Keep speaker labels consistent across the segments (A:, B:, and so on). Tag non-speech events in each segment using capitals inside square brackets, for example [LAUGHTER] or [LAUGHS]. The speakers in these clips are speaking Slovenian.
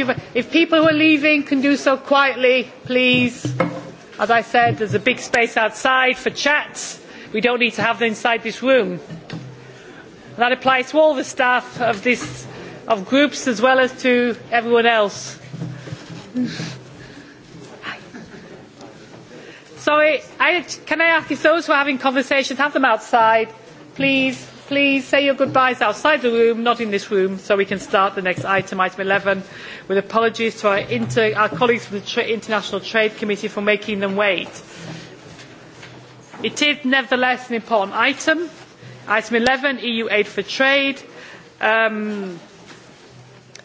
A: you. If people who are leaving can do so quietly, please. As I said, there's a big space outside for chats. We don't need to have them inside this room. And that applies to all the staff of, this, of groups as well as to everyone else. Sorry, I, can I ask if those who are having conversations have them outside, please? please say your goodbyes outside the room, not in this room, so we can start the next item, item 11, with apologies to our, inter, our colleagues from the Tra- International Trade Committee for making them wait. It is nevertheless an important item. Item 11, EU aid for trade. Um,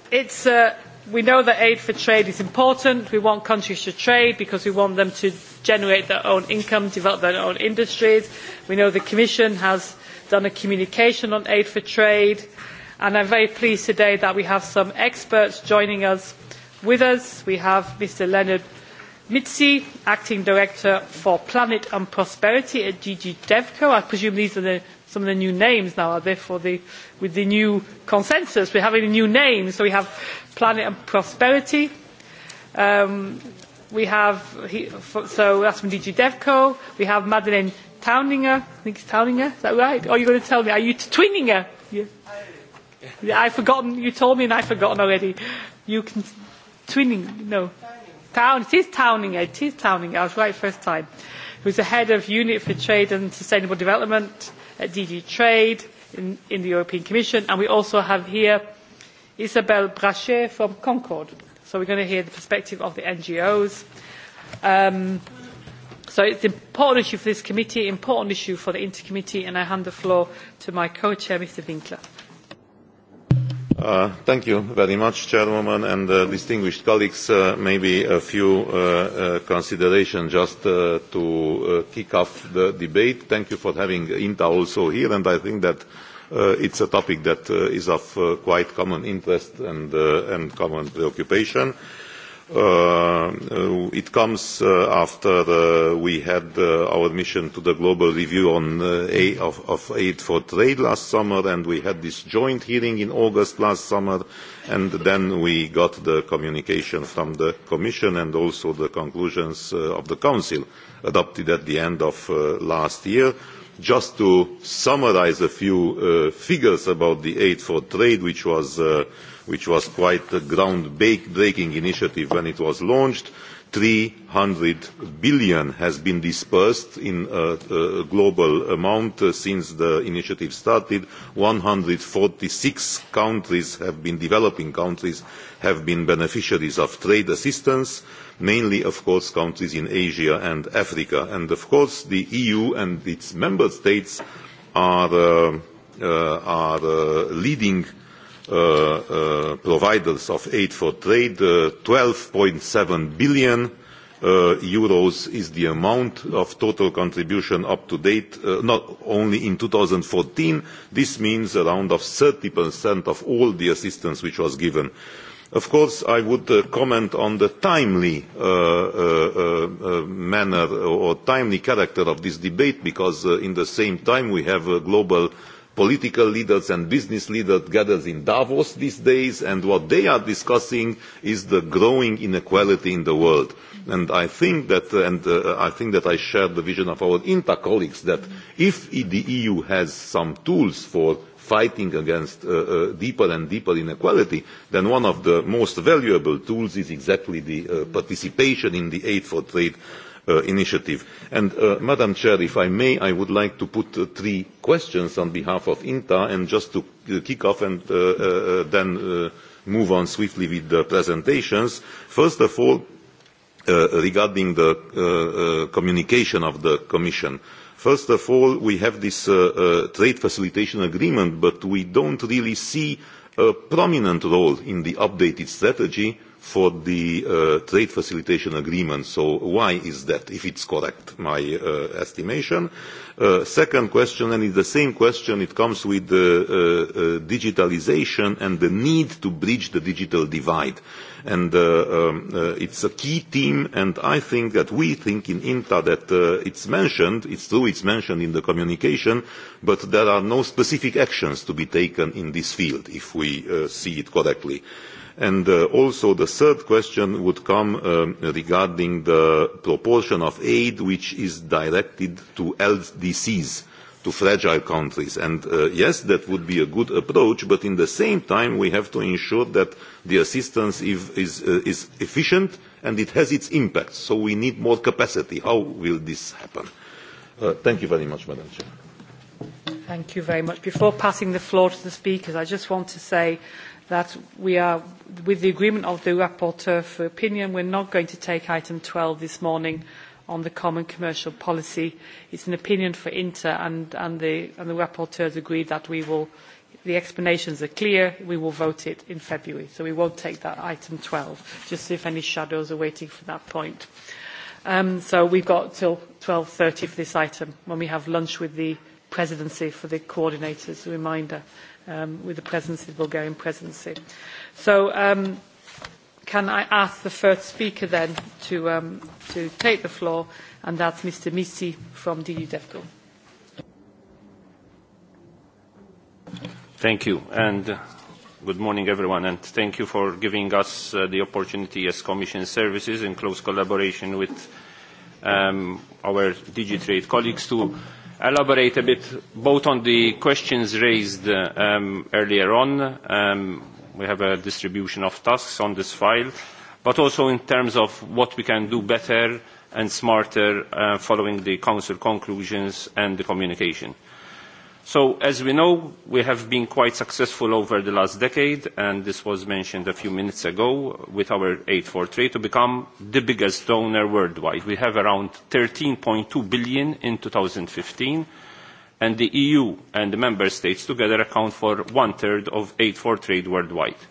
A: it's, uh, we know that aid for trade is important. We want countries to trade because we want them to generate their own income, develop their own industries. We know the Commission has done a communication on aid for trade. And I'm very pleased today that we have some experts joining us with us. We have Mr. Leonard Mitzi, Acting Director for Planet and Prosperity at DG DevCo. I presume these are the, some of the new names now, are they, for the, with the new consensus? We're having a new name. So we have Planet and Prosperity. Um, we have, he, so that's from DG DevCo. We have Madeleine Towninger. I think it's Towninger. Is that right? Or oh, are you going to tell me? Are you t- Twinninger? Yeah. Yeah, I've forgotten. You told me and I've forgotten already. You can. Twinning. No. Town. It is Towninger. It is Towninger. I was right first time. He was the head of Unit for Trade and Sustainable Development at DG Trade in, in the European Commission. And we also have here Isabel Brachet from Concord. So we're going to hear the perspective of the NGOs. Um, So it's an important issue for this committee, an important issue for the intercommittee, and I hand the floor to my co-chair, Mr. Winkler.
B: Uh, thank you very much, Chairwoman and uh, distinguished colleagues. Uh, maybe a few uh, uh, considerations just uh, to uh, kick off the debate. Thank you for having INTA also here, and I think that uh, it's a topic that uh, is of uh, quite common interest and, uh, and common preoccupation. Uh, uh, it comes uh, after uh, we had uh, our admission to the global review on uh, aid of, of aid for trade last summer, and we had this joint hearing in August last summer, and then we got the communication from the Commission and also the conclusions uh, of the Council adopted at the end of uh, last year. Just to summarize a few uh, figures about the aid for trade, which was uh, which was quite a groundbreaking initiative when it was launched. Three hundred billion has been dispersed in a global amount uh, since the initiative started. One hundred forty six countries have been developing countries have been beneficiaries of trade assistance, mainly of course countries in Asia and Africa. And of course the EU and its member states are, uh, uh, are uh, leading uh, Uh, uh, providers of aid for trade eur. Uh, twelve seven billion is the amount of total contribution up to date not only in two thousand and fourteen this means around thirty of all the assistance which was given. of course i would comment on the timely manner or timely character of this debate because in the same time we have global political leaders and business leaders gathered in Davos these days, and what they are discussing is the growing inequality in the world. And I think that, uh, and uh, I think that I share the vision of our INTA colleagues that if the EU has some tools for fighting against uh, uh, deeper and deeper inequality, then one of the most valuable tools is exactly the uh, participation in the Aid for Trade uh, uh, initiative. And uh, Madam Chair, if I may, I would like to put uh, three questions on behalf of INTA and just to uh, kick off and uh, uh, then uh, move on swiftly with the presentations. First of all, uh, regarding the uh, uh, communication of the Commission. First of all, we have this uh, uh, trade facilitation agreement, but we don't really see a prominent role in the updated strategy uh, for the uh, trade facilitation agreement. So why is that, if it's correct, my uh, estimation? Uh, second question, and it's the same question, it comes with the uh, uh, digitalization and the need to bridge the digital divide. And uh, um, uh, it's a key theme, and I think that we think in INTA that uh, it's mentioned, it's true, it's mentioned in the communication, but there are no specific actions to be taken in this field, if we uh, see it correctly. Uh, also the third question would come um, regarding the proportion of aid which is directed to LDCs, to fragile countries. Uh, yes, that would be a good approach, but in the same time, we have to ensure that the assistance uh, is efficient and it has its impact. We need more capacity. How will this happen? Thank you very much, Madam Chair.
A: Thank you very much. Before passing the floor to the speakers, I just want to say that we are, with the agreement of the rapporteur for opinion, we're not going to take item 12 this morning on the common commercial policy. It's an opinion for Inter, and, and, the, and the rapporteur has agreed that we will, the explanations are clear, we will vote it in February. So we won't take that item 12, just if any shadows are waiting for that point. Um, so we've got till 12.30 for this item when we have lunch with the presidency for the coordinators, a reminder um, with the presidency, the Bulgarian presidency. So um, can I ask the first speaker then to, um, to take the floor, and that's Mr. Misi from DU DEFCO.
C: Thank you, and uh, good morning, everyone, and thank you for giving us uh, the opportunity as Commission Services in close collaboration with um, our DigiTrade colleagues to elaborate a bit both on the questions raised um, earlier on. Um, we have a distribution of tasks on this file, but also in terms of what we can do better and smarter uh, following the Council conclusions and the communication. Uh, As we know, we have been quite successful over the last decade, and this was mentioned a few minutes ago with our 843, to become the biggest donor worldwide. We have around 13.2 billion in 2015, and the EU and the member states together account for one-third of 843 worldwide.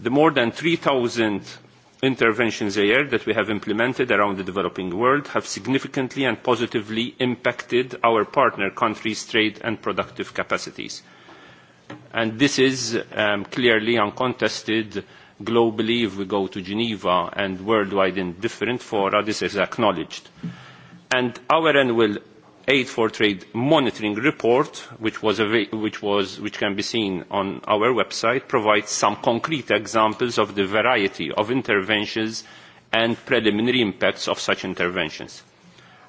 C: The more than 3,000 interventions there that we have implemented around the developing world have significantly and positively impacted our partner countries' trade and productive capacities. This is um, clearly uncontested globally. If we go to Geneva and worldwide in different fora, this is acknowledged. Our annual aid for trade monitoring report, which, was a, which, was, which can be seen on our website, provides some concrete examples of the variety of interventions and preliminary impacts of such interventions.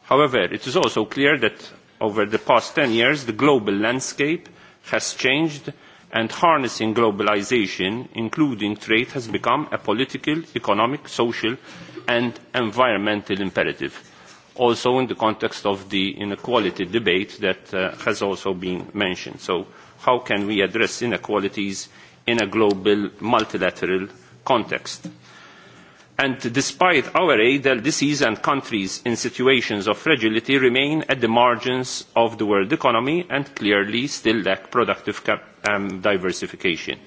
C: However, it is also clear that over the past 10 years, the global landscape has changed and harnessing globalization, including trade, has become a political, economic, social, and environmental imperative also in the context of the inequality debate that uh, has also been mentioned. So how can we address inequalities in a global multilateral context? And despite our aid, LDCs uh, and countries in situations of fragility remain at the margins of the world economy and clearly still lack productive cap um, diversification.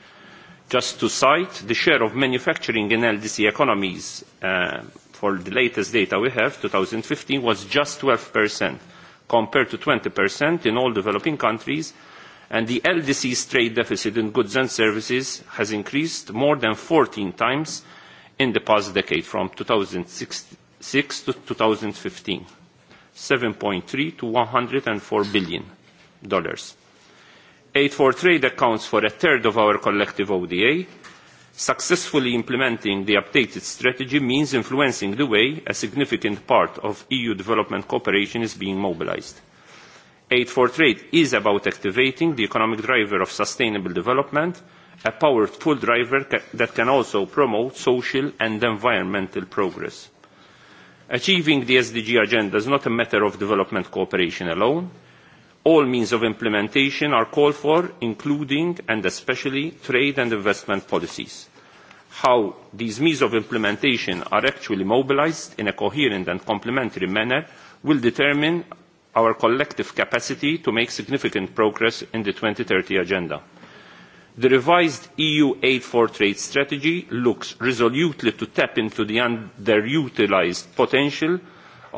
C: Just to cite, the share of manufacturing in LDC economies uh, for the latest data we have, 2015, was just 12%, compared to 20% in all developing countries, and the LDC's trade deficit in goods and services has increased more than 14 times in the past decade, from 2006 to 2015, $7.3 billion-$104 billion. Aid for trade accounts for a third of our collective ODA, successfully implementing the updated strategy means influencing the way a significant part of EU development cooperation is being mobilized. Aid for Trade is about activating the economic driver of sustainable development, a powerful driver ca that can also promote social and environmental progress. Achieving the SDG agenda is not a matter of development cooperation alone all means of implementation are called for including and especially trade and investment policies. how these means of implementation are actually mobilised in a coherent and complementary manner will determine our collective capacity to make significant progress in the 2030 agenda. the revised eu aid for trade strategy looks resolutely to tap into the underutilised potential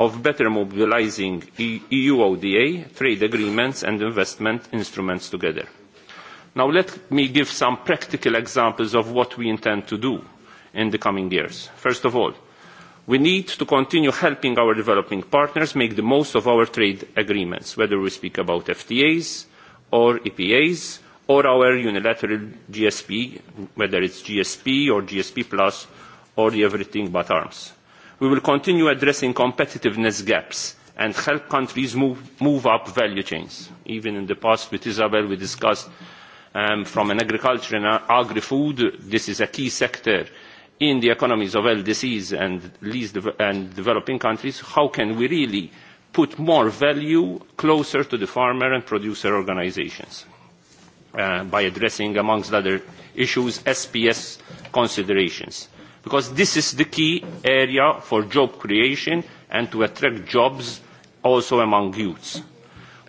C: of better mobilizing EU e ODA, trade agreements, and investment instruments together. Now, let me give some practical examples of what we intend to do in the coming years. First of all, we need to continue helping our developing partners make the most of our trade agreements, whether we speak about FTAs or EPAs or our unilateral GSP, whether it's GSP or GSP Plus or the Everything But Arms we will continue addressing competitiveness gaps and help countries move, move up value chains. Even in the past with Isabel, we discussed um, from an agriculture and agri-food, this is a key sector in the economies of LDCs and, least de and developing countries. How can we really put more value closer to the farmer and producer organizations uh, by addressing, amongst other issues, SPS considerations? because this is the key area for job creation and to attract jobs also among youths.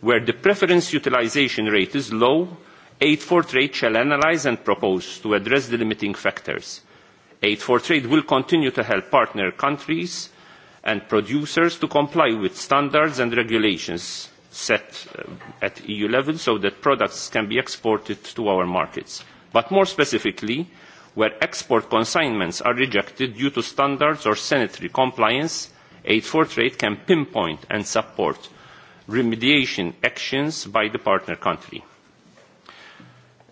C: Where the preference utilization rate is low, 8-4 trade shall analyze and propose to address the limiting factors. 8-4 trade will continue to help partner countries and producers to comply with standards and regulations set uh, at EU level so that products can be exported to our markets. But more specifically, where export consignments are rejected due to standards or sanitary compliance, Aid for Trade can pinpoint and support remediation actions by the partner country.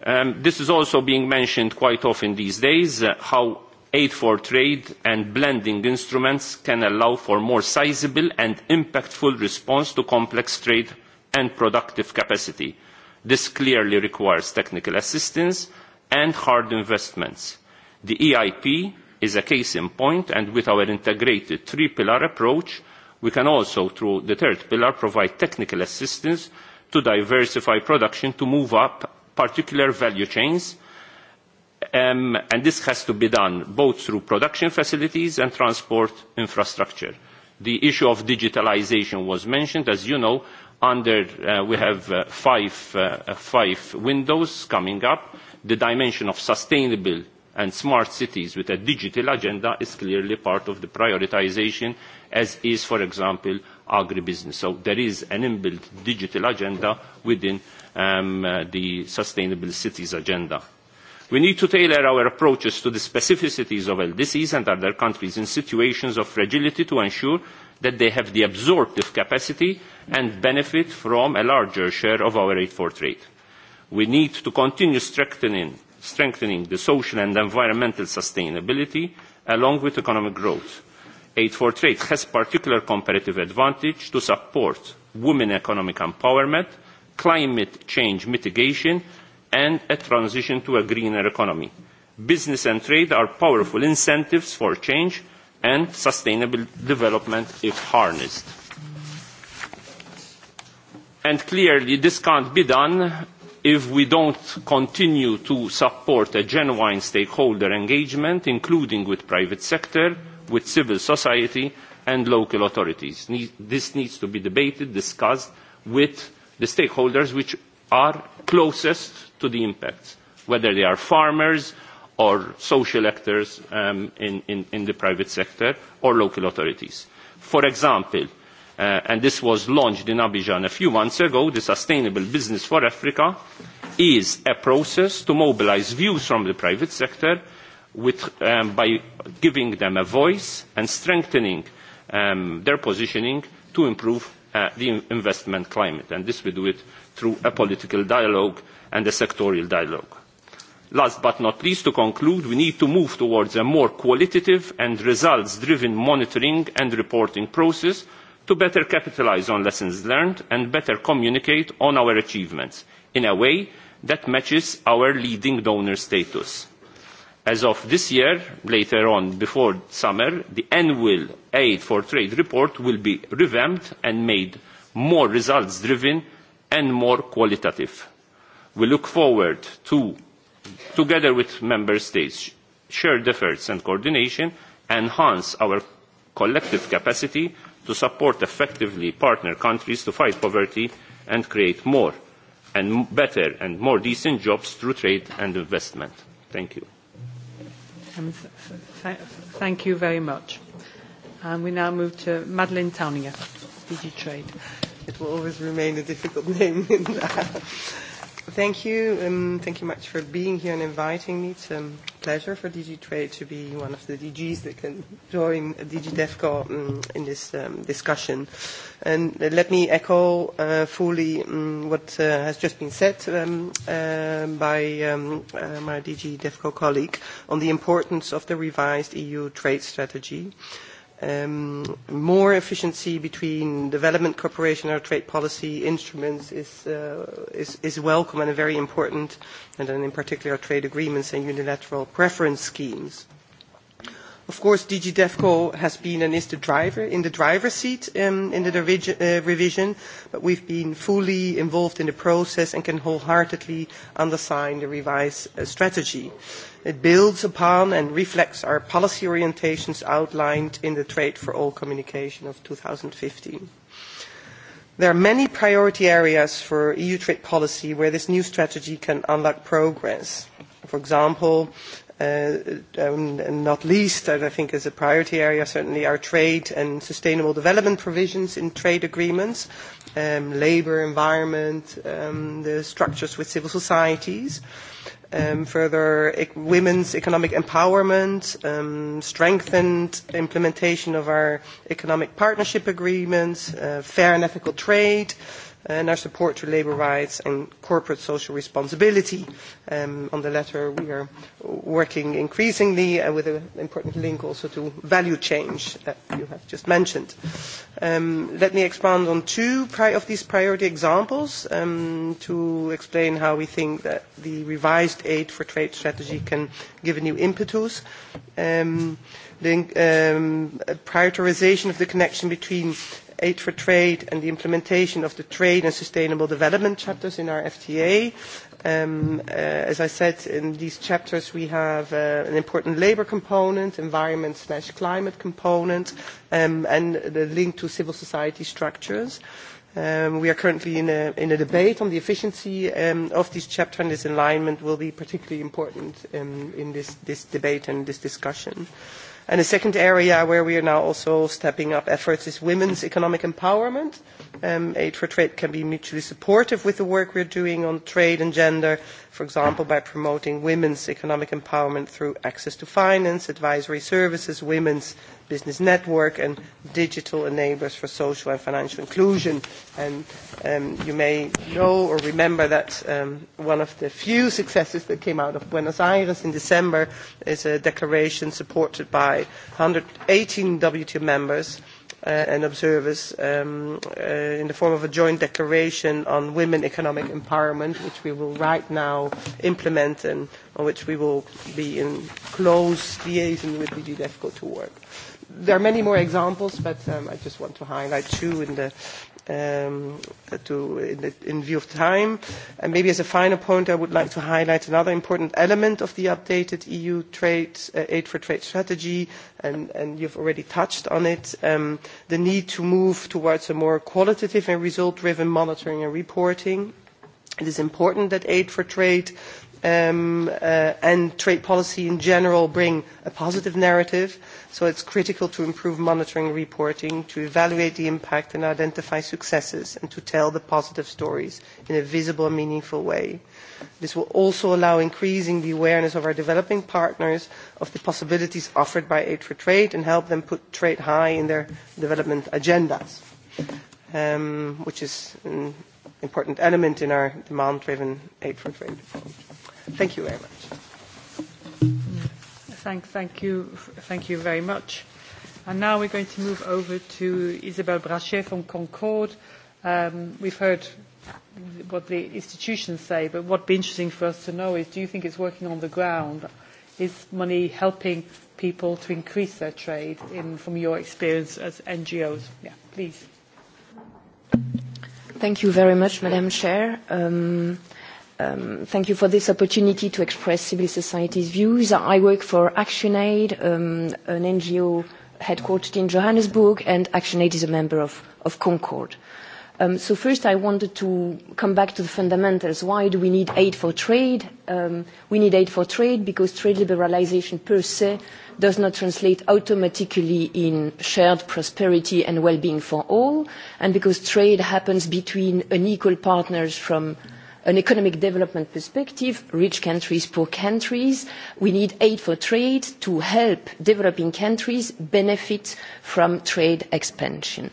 C: Um, this is also being mentioned quite often these days, uh, how Aid for Trade and blending instruments can allow for more sizable and impactful response to complex trade and productive capacity. This clearly requires technical assistance and hard investments. The EIP is a case in point, and with our integrated three-pillar approach, we can also, through the third pillar, provide technical assistance to diversify production to move up particular value chains. Um, and this has to be done both through production facilities and transport infrastructure. The issue of digitalization was mentioned. As you know, under, uh, we have uh, uh, five windows coming up, the dimension of sustainable and smart cities with a digital agenda is clearly part of the prioritization, as is, for example, agribusiness. So there is an inbuilt digital agenda within um, uh, the sustainable cities agenda. We need to tailor our approaches to the specificities of LDCs and other countries in situations of fragility to ensure that they have the absorptive capacity and benefit from a larger share of our 8-4 trade we need to continue strengthening, strengthening the social and environmental sustainability along with economic growth. Aid for Trade has particular comparative advantage to support women economic empowerment, climate change mitigation and a transition to a greener economy. Business and trade are powerful incentives for change and sustainable development if harnessed. And clearly this can't be done if we do not continue to support a genuine stakeholder engagement including with the private sector with civil society and local authorities. This needs to be debated discussed with the stakeholders which are closest to the impacts whether they are farmers or social actors um, in, in, in the private sector or local authorities. For example, Uh, and this was launched in Abidjan a few months ago, the Sustainable Business for Africa, is a process to mobilize views from the private sector with, um, by giving them a voice and strengthening um, their positioning to improve uh, the investment climate. And this we do it through a political dialogue and a sectorial dialogue. Last but not least, to conclude, we need to move towards a more qualitative and results-driven monitoring and reporting process to better capitalize on lessons learned and better communicate on our achievements in a way that matches our leading donor status. As of this year, later on, before summer, the annual Aid for Trade report will be revamped and made more results driven and more qualitative. We look forward to, together with Member States, shared efforts and coordination, enhance our collective capacity to support effectively partner countries to fight poverty and create more and better and more decent jobs through trade and investment. Thank you.
A: Um, thank you very much. And um, we now move to Madeleine Towninger, DG Trade. It will always remain a difficult [LAUGHS] name. Thank you. Um,
D: thank you much for being here and inviting me. It's a um, pleasure for Digitrade to be one of the DGs that can join DigiDevCo um, in this discussion. Let me echo uh, fully what uh, has just been said uh, by my DigiDevCo colleague on the importance of the revised EU trade strategy um, more efficiency between development cooperation or trade policy instruments is, uh, is, is welcome and very important, and then in particular trade agreements and unilateral preference schemes. Of course, DG DevCo has been and is the driver in the driver's seat um, in the uh, revision, but we've been fully involved in the process and can wholeheartedly underline the revised uh, strategy. It builds upon and reflects our policy orientations outlined in the Trade for All communication of 2015. There are many priority areas for EU trade policy where this new strategy can unlock progress. For example, Uh, um, not least, that I think is a priority area, certainly our trade and sustainable development provisions in trade agreements, um, labor, environment, um, the structures with civil societies, um, further ec- women's economic empowerment, um, strengthened implementation of our economic partnership agreements, uh, fair and ethical trade. Uh, and our support to labour rights and corporate social responsibility. Um, on the latter, we are working increasingly uh, with an important link also to value change that you have just mentioned. Um, let me expand on two pri- of these priority examples um, to explain how we think that the revised aid for trade strategy can give a new impetus. Um, the um, prioritisation of the connection between aid for trade and the implementation of the trade and sustainable development chapters in our FTA. Um, uh, as I said, in these chapters we have uh, an important labour component, environment slash climate component, um, and the link to civil society structures. Um, we are currently in a, in a debate on the efficiency um, of this chapter, and this alignment will be particularly important um, in this, this debate and this discussion. Uh, A second area where we are now also stepping up efforts is women's economic empowerment. Um, Aid for Trade can be mutually supportive with the work we're doing on trade and gender, for example, by promoting women's economic empowerment through access to finance, advisory services, women's business network and digital enablers for social and financial inclusion. And um, you may know or remember that um, one of the few successes that came out of Buenos Aires in December is a declaration supported by 118 WTO members uh, and observers um, uh, in the form of a joint declaration on women economic empowerment, which we will right now implement and on which we will be in close liaison with the DDEFCO to work there are many more examples, but um, I just want to highlight two in the um, to, in, the, in view of time. And maybe as a final point, I would like to highlight another important element of the updated EU trade, uh, aid for trade strategy, and, and you've already touched on it, um, the need to move towards a more qualitative and result-driven monitoring and reporting. It is important that aid for trade um, uh, and trade policy in general bring a positive narrative. So it's critical to improve monitoring reporting, to evaluate the impact and identify successes, and to tell the positive stories in a visible and meaningful way. This will also allow increasing the awareness of our developing partners of the possibilities offered by Aid for Trade and help them put trade high in their development agendas, um, which is mm, important element in our demand driven aid for trade reform.
A: Thank you very much. Thank, thank you, thank you very much. And now we're going to move over to Isabel Brachet from Concord. Um, we've heard what the institutions say, but what would be interesting for us to know is do you think it's working on the ground? Is money helping people to increase their trade in, from your experience as NGOs? Yeah, please.
E: Thank you very much, Madam Chair. Um, um, thank you for this opportunity to express civil society's views. I work for ActionAid, um, an NGO headquartered in Johannesburg, and ActionAid is a member of, of Concord. Uh, Um, so first I wanted to come back to the fundamentals. Why do we need aid for trade? Um, we need aid for trade because trade liberalization per se does not translate automatically in shared prosperity and well-being for all, and because trade happens between unequal partners from an economic development perspective, rich countries, poor countries. We need aid for trade to help developing countries benefit from trade expansion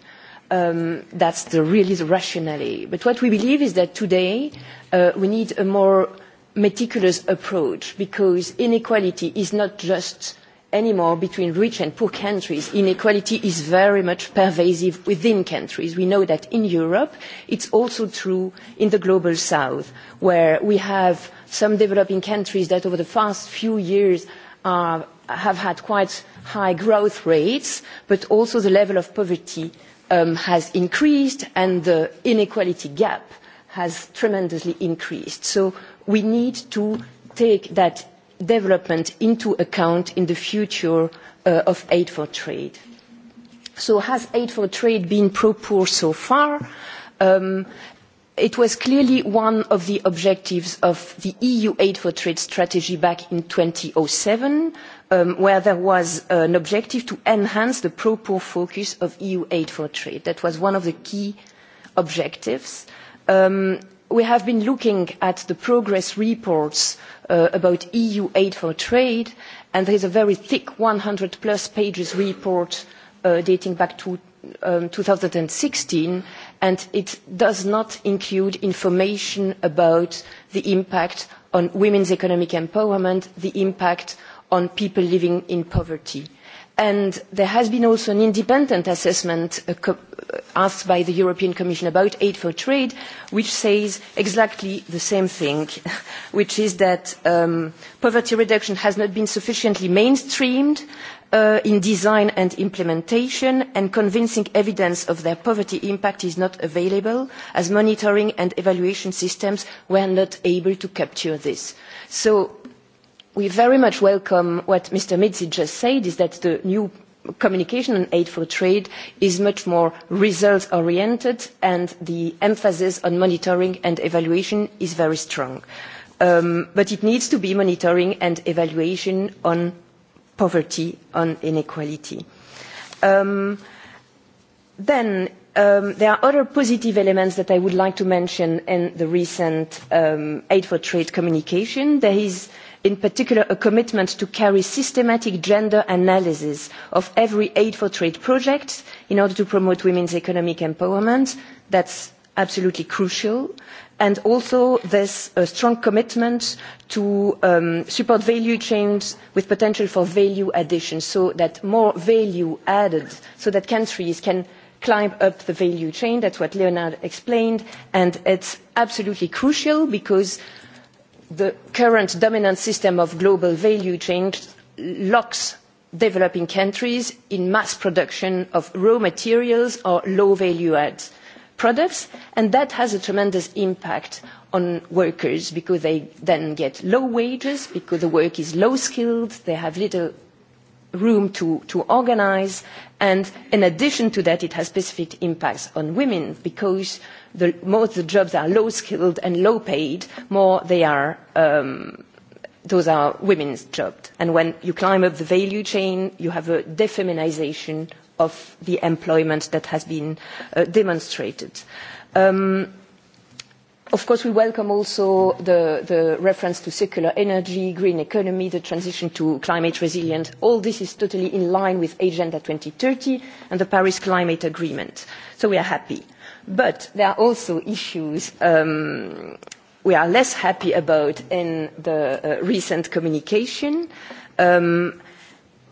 E: um, that's the really the rationale. But what we believe is that today uh, we need a more meticulous approach because inequality is not just anymore between rich and poor countries. Inequality is very much pervasive within countries. We know that in Europe, it's also true in the global south, where we have some developing countries that over the past few years are, have had quite high growth rates, but also the level of poverty Um, has increased and the inequality gap has tremendously increased. so we need to take that development into account in the future uh, of aid for trade. so has aid for trade been pro poor so far? Um, it was clearly one of the objectives of the eu aid for trade strategy back in two thousand and seven um, where there was an objective to enhance the proper focus of eu aid for trade. that was one of the key objectives. Um, we have been looking at the progress reports uh, about eu aid for trade and there is a very thick one hundred plus page report uh, dating back to um, two thousand and sixteen and it does not include information about the impact on women's economic empowerment the impact on people living in poverty. There has been also an independent assessment uh, uh, asked by the European Commission about aid for trade which says exactly the same thing [LAUGHS] which is that um, poverty reduction has not been sufficiently mainstreamed uh, Uh, in design and implementation and convincing evidence of their poverty impact is not available as monitoring and evaluation systems were not able to capture this. so we very much welcome what mr mizzi just said that the new communication on aid for trade is much more results oriented and the emphasis on monitoring and evaluation is very strong. Um, but it needs to be monitoring and evaluation poverty and inequality. Um, then um, there are other positive elements that I would like to mention in the recent um, Aid for Trade communication. There is in particular a commitment to carry systematic gender analysis of every Aid for Trade project in order to promote women's economic empowerment. That's absolutely crucial and also this uh, strong commitment to um, support value chains with potential for value addition so that more value added so that countries can climb up the value chain that is what leonard explained and it is absolutely crucial because the current dominant system of global value chains locks developing countries in mass production of raw materials or low value adds products and that has a tremendous impact on workers because they then get low wages because the work is low skilled they have little room to, to organize and in addition to that it has specific impacts on women because the more the jobs are low skilled and low paid more they are um, those are women's jobs and when you climb up the value chain you have a defeminization of the employment that has been uh, demonstrated. Um, of course, we welcome also the, the reference to circular energy, green economy, the transition to climate resilient. All this is totally in line with Agenda 2030 and the Paris Climate Agreement. So we are happy. But there are also issues um, we are less happy about in the uh, recent communication. Um,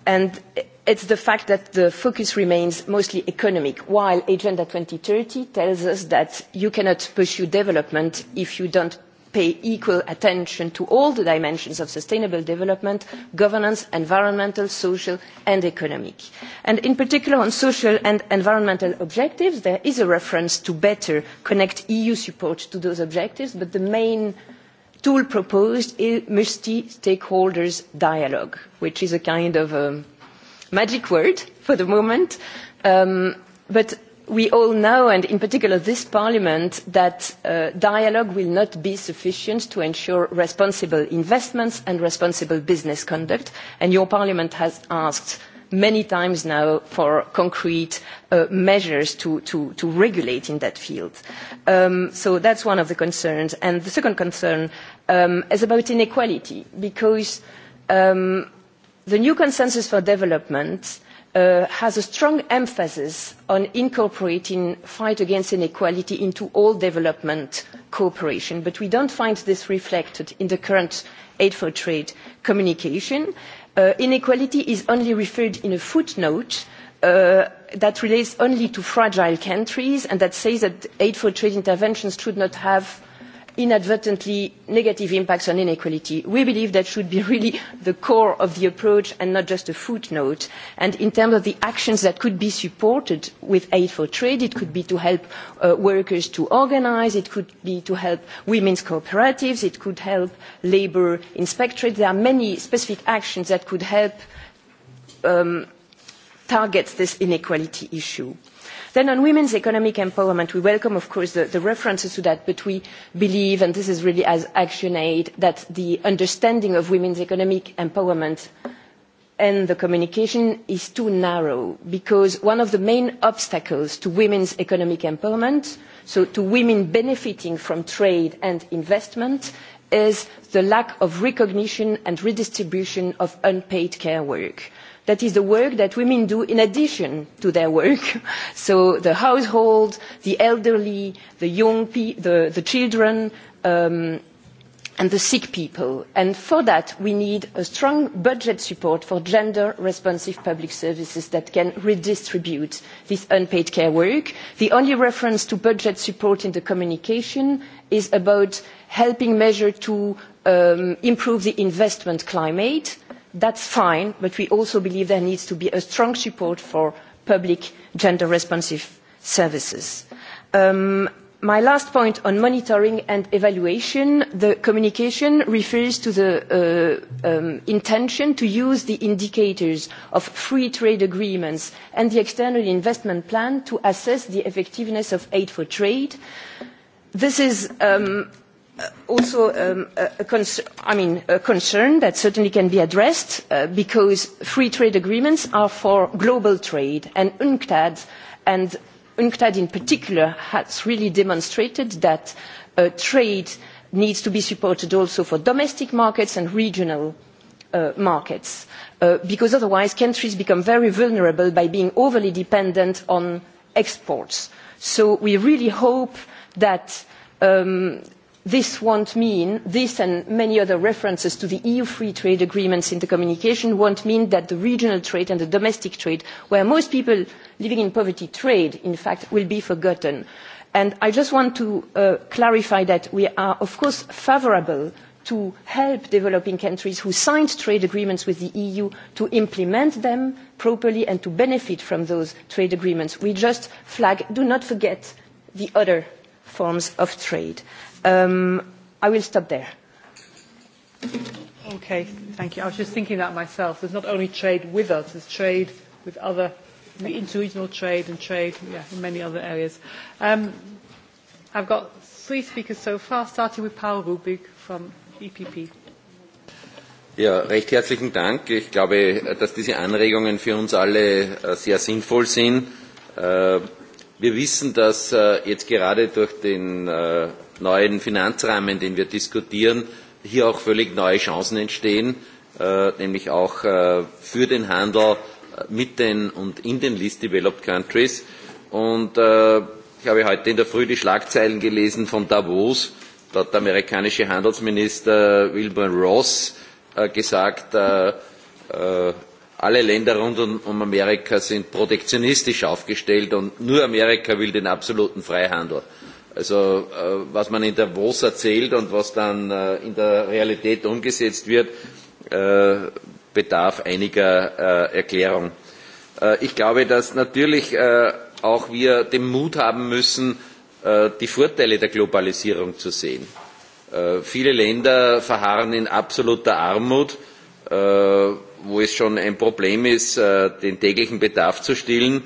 E: and it's the fact that the focus remains mostly economic while agenda two thousand and thirty tells us that you cannot pursue development if you don't pay equal attention to all the dimensions of sustainable development governance environmental social and economic. in particular on social and environmental objectives there is a reference to better connecting eu support to those objectives but the main tool proposed is multi stakeholder dialogue which is a kind of um, magic word for the moment. Um, but we all know, and in particular this parliament, that uh, dialogue will not be sufficient to ensure responsible investments and responsible business conduct. And your parliament has asked many times now for concrete uh, measures to, to, to regulate in that field. Um, so that's one of the concerns. And the second concern um, is about inequality, because um, the new consensus for development uh, has a strong emphasis on incorporating the fight against inequality into all development cooperation but we do not find this reflected in the current aid for trade communication. Uh, inequality is only referred to in a footnote uh, that relates only to fragile countries and that says that aid for trade interventions should not have inadvertently negative impacts on inequality. We believe that should be really the core of the approach and not just a footnote. And in terms of the actions that could be supported with aid for trade, it could be to help uh, workers to organize, it could be to help women's cooperatives, it could help labor inspectorates. There are many specific actions that could help um, target this inequality issue then on women's economic empowerment we welcome of course the references to that but we believe and this is really as action aid that the understanding of women's economic empowerment in the communication is too narrow because one of the main obstacles to women's economic empowerment so to women benefiting from trade and investment is the lack of recognition and redistribution of unpaid care work that is the work that women do in addition to their work [LAUGHS] so the household the elderly the young the, the children um, and the sick people and for that we need a strong budget support for gender responsive public services that can redistribute this unpaid care work the only reference to budget support in the communication is about helping measure to um, improve the investment climate that is fine but we also believe there needs to be strong support for public gender responsive services. Um, my last point on monitoring and evaluation the communication refers to the uh, um, intention to use the indicators of free trade agreements and the external investment plan to assess the effectiveness of aid for trade. this um, Uh, also um, a, a, cons- I mean, a concern that certainly can be addressed uh, because free trade agreements are for global trade and UNCTAD and UNCTAD in particular has really demonstrated that uh, trade needs to be supported also for domestic markets and regional uh, markets uh, because otherwise countries become very vulnerable by being overly dependent on exports. So we really hope that um, this won't mean this and many other references to the eu free trade agreements in the communication won't mean that the regional trade and the domestic trade where most people living in poverty trade in fact will be forgotten. i just want to uh, clarify that we are of course favourable to helping developing countries who signed trade agreements with the eu to implement them properly and to benefit from those trade agreements. we just flag do not forget the other forms of trade um, I will stop there.
A: Okay, thank you. I was just thinking that myself. There's not only trade with us, there's trade with other, interregional trade and trade yeah, in many other areas. Um, I've got three speakers so far, starting with Paul Rubik from EPP.
F: Ja, recht herzlichen Dank. Ich glaube, dass diese Anregungen für uns alle äh, sehr sinnvoll sind. Äh, wir wissen, dass äh, jetzt gerade durch den neuen Finanzrahmen, den wir diskutieren, hier auch völlig neue Chancen entstehen, äh, nämlich auch äh, für den Handel äh, mit den und in den Least Developed Countries. Und äh, ich habe heute in der Früh die Schlagzeilen gelesen von Davos, dort der amerikanische Handelsminister Wilbur Ross äh, gesagt, äh, äh, alle Länder rund um, um Amerika sind protektionistisch aufgestellt und nur Amerika will den absoluten Freihandel. Äh, Also äh, was man in der WOS erzählt und was dann äh, in der Realität umgesetzt wird, äh, bedarf einiger äh, Erklärung. Äh, ich glaube, dass natürlich äh, auch wir den Mut haben müssen, äh, die Vorteile der Globalisierung zu sehen. Äh, viele Länder verharren in absoluter Armut, äh, wo es schon ein Problem ist, äh, den täglichen Bedarf zu stillen. Äh,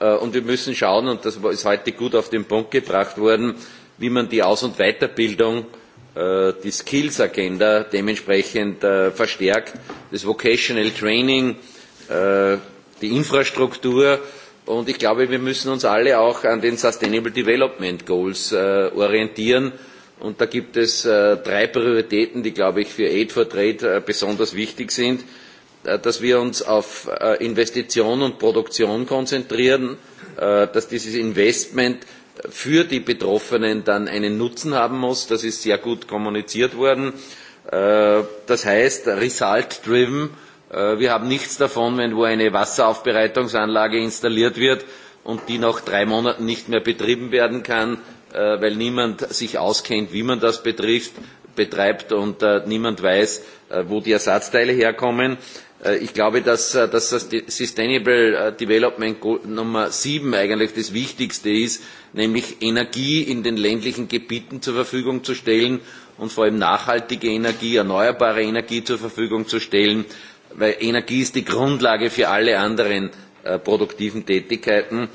F: Äh, und wir müssen schauen, und das ist heute gut auf den Punkt gebracht worden, wie man die Aus- und Weiterbildung, äh, die Skills-Agenda dementsprechend äh, verstärkt, das Vocational Training, die Infrastruktur. Und ich glaube, wir müssen uns alle auch an den Sustainable Development Goals orientieren. Und da gibt es drei Prioritäten, die, glaube ich, für Aid for Trade besonders wichtig sind. Äh, dass wir uns auf äh, Investition und Produktion konzentrieren, äh, dass dieses Investment für die Betroffenen dann einen Nutzen haben muss. Das ist sehr gut kommuniziert worden. Das heißt, result driven. Wir haben nichts davon, wenn wo eine Wasseraufbereitungsanlage installiert wird und die nach drei Monaten nicht mehr betrieben werden kann, weil niemand sich auskennt, wie man das betrifft, betreibt und niemand weiß, wo die Ersatzteile herkommen. Äh, ich glaube, dass, äh, dass das Sustainable äh, Development Goal Nummer 7 eigentlich das Wichtigste ist, nämlich Energie in den ländlichen Gebieten zur Verfügung zu stellen und vor allem nachhaltige Energie, erneuerbare Energie zur Verfügung zu stellen, weil Energie ist die Grundlage für alle anderen produktiven Tätigkeiten.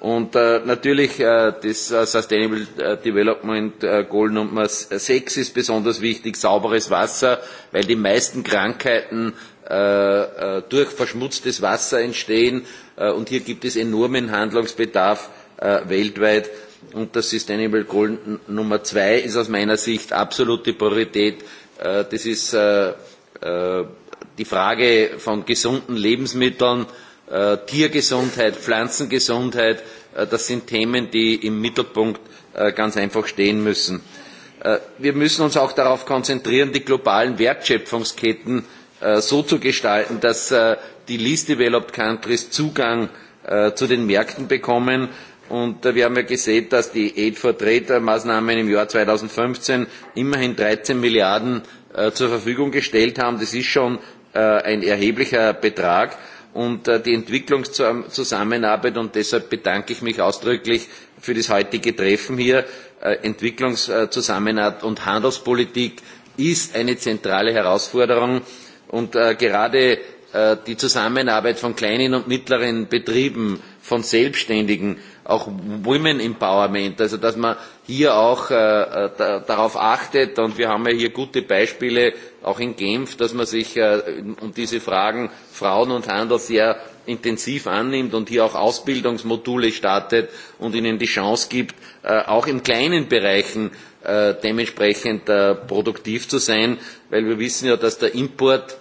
F: Und natürlich das Sustainable Development Goal Nummer 6 ist besonders wichtig, sauberes Wasser, weil die meisten Krankheiten Äh, äh, durch verschmutztes Wasser entstehen. Äh, und hier gibt es enormen Handlungsbedarf äh, weltweit. Und das Sustainable Goal Nummer zwei ist aus meiner Sicht absolute Priorität. Äh, das ist äh, äh, die Frage von gesunden Lebensmitteln, äh, Tiergesundheit, Pflanzengesundheit. Äh, das sind Themen, die im Mittelpunkt äh, ganz einfach stehen müssen. Äh, wir müssen uns auch darauf konzentrieren, die globalen Wertschöpfungsketten äh, Äh, so zu gestalten, dass äh, die least developed countries Zugang äh, zu den Märkten bekommen. Und wir haben ja gesehen, dass die Aid for Trade Maßnahmen im Jahr 2015 immerhin 13 Milliarden zur Verfügung gestellt haben. Das ist schon ein erheblicher Betrag. Und die Entwicklungszusammenarbeit, und deshalb bedanke ich mich ausdrücklich für das heutige Treffen hier, Entwicklungszusammenarbeit und Handelspolitik ist eine zentrale Herausforderung. Äh, und äh, gerade äh, die Zusammenarbeit von kleinen und mittleren Betrieben, von Selbstständigen, auch Women Empowerment, also dass man hier auch äh, äh da, darauf achtet und wir haben ja hier gute Beispiele auch in Genf, dass man sich äh, um diese Fragen Frauen und Handel sehr intensiv annimmt und hier auch Ausbildungsmodule startet und ihnen die Chance gibt, äh, auch in kleinen Bereichen äh, dementsprechend äh, produktiv zu sein, weil wir wissen ja, dass der Import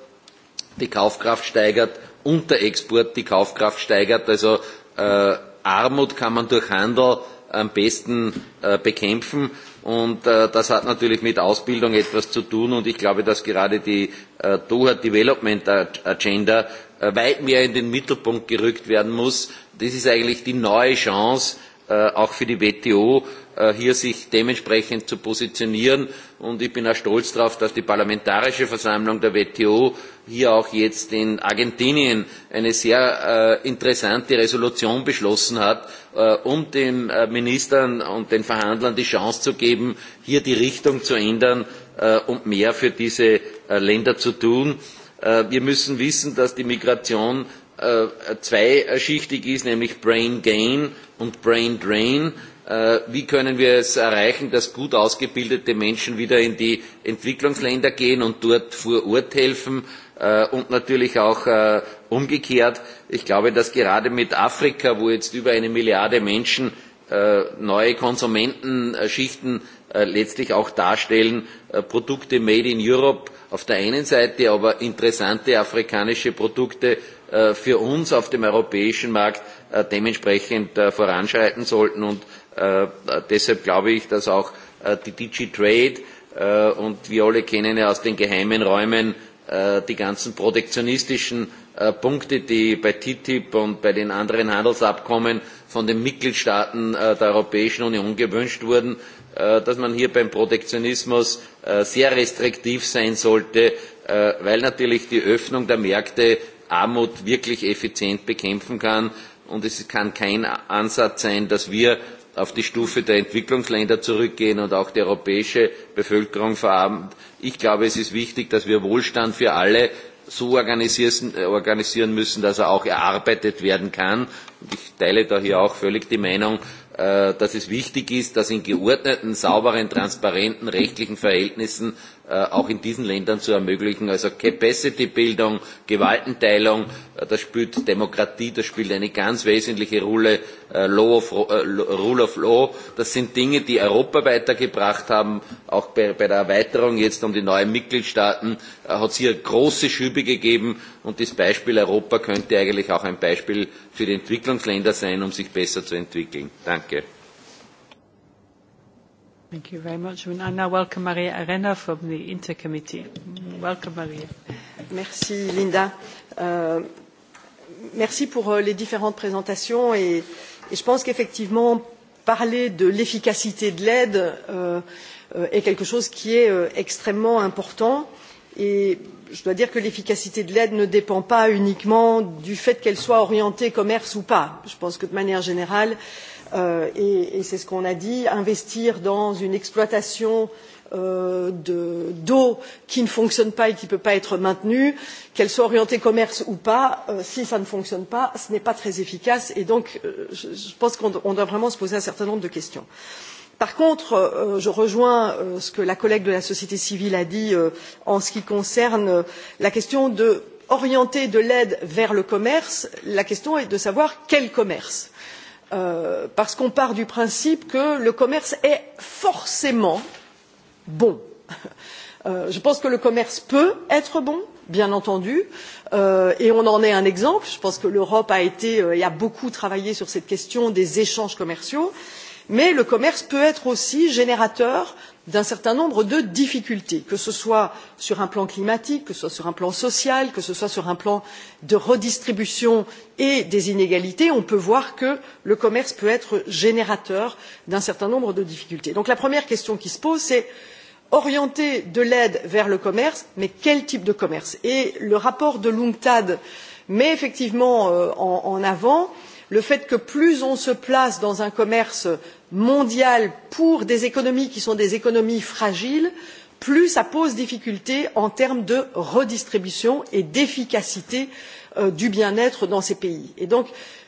F: die Kaufkraft steigert und der Export die Kaufkraft steigert. Also äh, Armut kann man durch Handel am besten äh, bekämpfen. Und äh, das hat natürlich mit Ausbildung etwas zu tun. Und ich glaube, dass gerade die äh, Doha Development Agenda äh, weit mehr in den Mittelpunkt gerückt werden muss. Das ist eigentlich die neue Chance, äh, Äh, auch für die WTO äh, hier sich dementsprechend zu positionieren. Und ich bin auch stolz darauf, dass die Parlamentarische Versammlung der WTO hier auch jetzt in Argentinien eine sehr äh, interessante Resolution beschlossen hat, äh, um den äh, Ministern und den Verhandlern die Chance zu geben, hier die Richtung zu ändern äh, und mehr für diese äh, Länder zu tun. Äh, wir müssen wissen, dass die Migration äh, äh, zweischichtig ist, nämlich Brain Gain und Brain Drain. Äh, wie können wir es erreichen, dass gut ausgebildete Menschen wieder in die Entwicklungsländer gehen und dort vor Ort helfen äh, und natürlich auch äh, umgekehrt. Ich glaube, dass gerade mit Afrika, wo jetzt über eine Milliarde Menschen äh, neue Konsumentenschichten äh, letztlich auch darstellen, äh, Produkte made in Europe auf der einen Seite, aber interessante afrikanische Produkte Äh, für uns auf dem europäischen Markt äh, dementsprechend äh, voranschreiten sollten. Und deshalb glaube ich, dass auch die Digitrade und wir alle kennen ja aus den geheimen Räumen die ganzen protektionistischen Punkte, die bei TTIP und bei den anderen Handelsabkommen von den Mitgliedstaaten der Europäischen Union gewünscht wurden, dass man hier beim Protektionismus sehr restriktiv sein sollte, weil natürlich die Öffnung der Märkte Armut wirklich effizient bekämpfen kann. Und es kann kein Ansatz sein, dass wir auf die Stufe der Entwicklungsländer zurückgehen und auch die europäische Bevölkerung verarmt. Ich glaube, es ist wichtig, dass wir Wohlstand für alle so äh, organisieren müssen, dass er auch erarbeitet werden kann. Ich teile da hier auch völlig die Meinung, äh, dass es wichtig ist, dass in geordneten, sauberen, transparenten rechtlichen Verhältnissen Äh, auch in diesen Ländern zu ermöglichen. Also Capacity Bildung, Gewaltenteilung, äh, da spielt Demokratie, da spielt eine ganz wesentliche Rolle, äh, law of, Rule of Law. Das sind Dinge, die Europa weitergebracht haben. Auch bei, bei der Erweiterung jetzt um die neuen Mitgliedstaaten hat es hier große Schübe gegeben. Und das Beispiel Europa könnte eigentlich auch ein Beispiel für die Entwicklungsländer sein, um sich besser zu entwickeln. Danke.
A: Thank you very much. I now welcome Maria Arena from the Intercommittee. Welcome,
G: Maria. Merci, Linda. Uh, merci pour euh, les différentes présentations. Et, et je pense qu'effectivement, parler de l'efficacité de l'aide uh, est quelque chose qui est uh, extrêmement important. Et je dois dire que l'efficacité de l'aide ne dépend pas uniquement du fait qu'elle soit orientée commerce ou pas. Je pense que de manière générale, uh, euh, et, et c'est ce qu'on a dit, investir dans une exploitation euh, d'eau de, qui ne fonctionne pas et qui ne peut pas être maintenue, qu'elle soit orientée commerce ou pas, euh, si ça ne fonctionne pas, ce n'est pas très efficace et donc euh, je, je pense qu'on doit vraiment se poser un certain nombre de questions. Par contre, euh, je rejoins euh, ce que la collègue de la société civile a dit euh, en ce qui concerne euh, la question d'orienter de, de l'aide vers le commerce. La question est de savoir quel commerce. Euh, parce qu'on part du principe que le commerce est forcément bon. [LAUGHS] Euh, je pense que le commerce peut être bon, bien entendu, euh, et on en est un exemple. Je pense que l'Europe a été euh, et a beaucoup travaillé sur cette question des échanges commerciaux, mais le commerce peut être aussi générateur d'un certain nombre de difficultés que ce soit sur un plan climatique que ce soit sur un plan social que ce soit sur un plan de redistribution et des inégalités on peut voir que le commerce peut être générateur d'un certain nombre de difficultés. la première question qui se pose est la suivante orienter de l'aide vers le commerce mais quel type de commerce? le rapport de l'unctad met effectivement euh, en avant le fait que plus on se place dans un commerce mondial pour des économies qui sont des économies fragiles plus cela pose difficulté en termes de redistribution et d'efficacité euh, du bien être dans ces pays.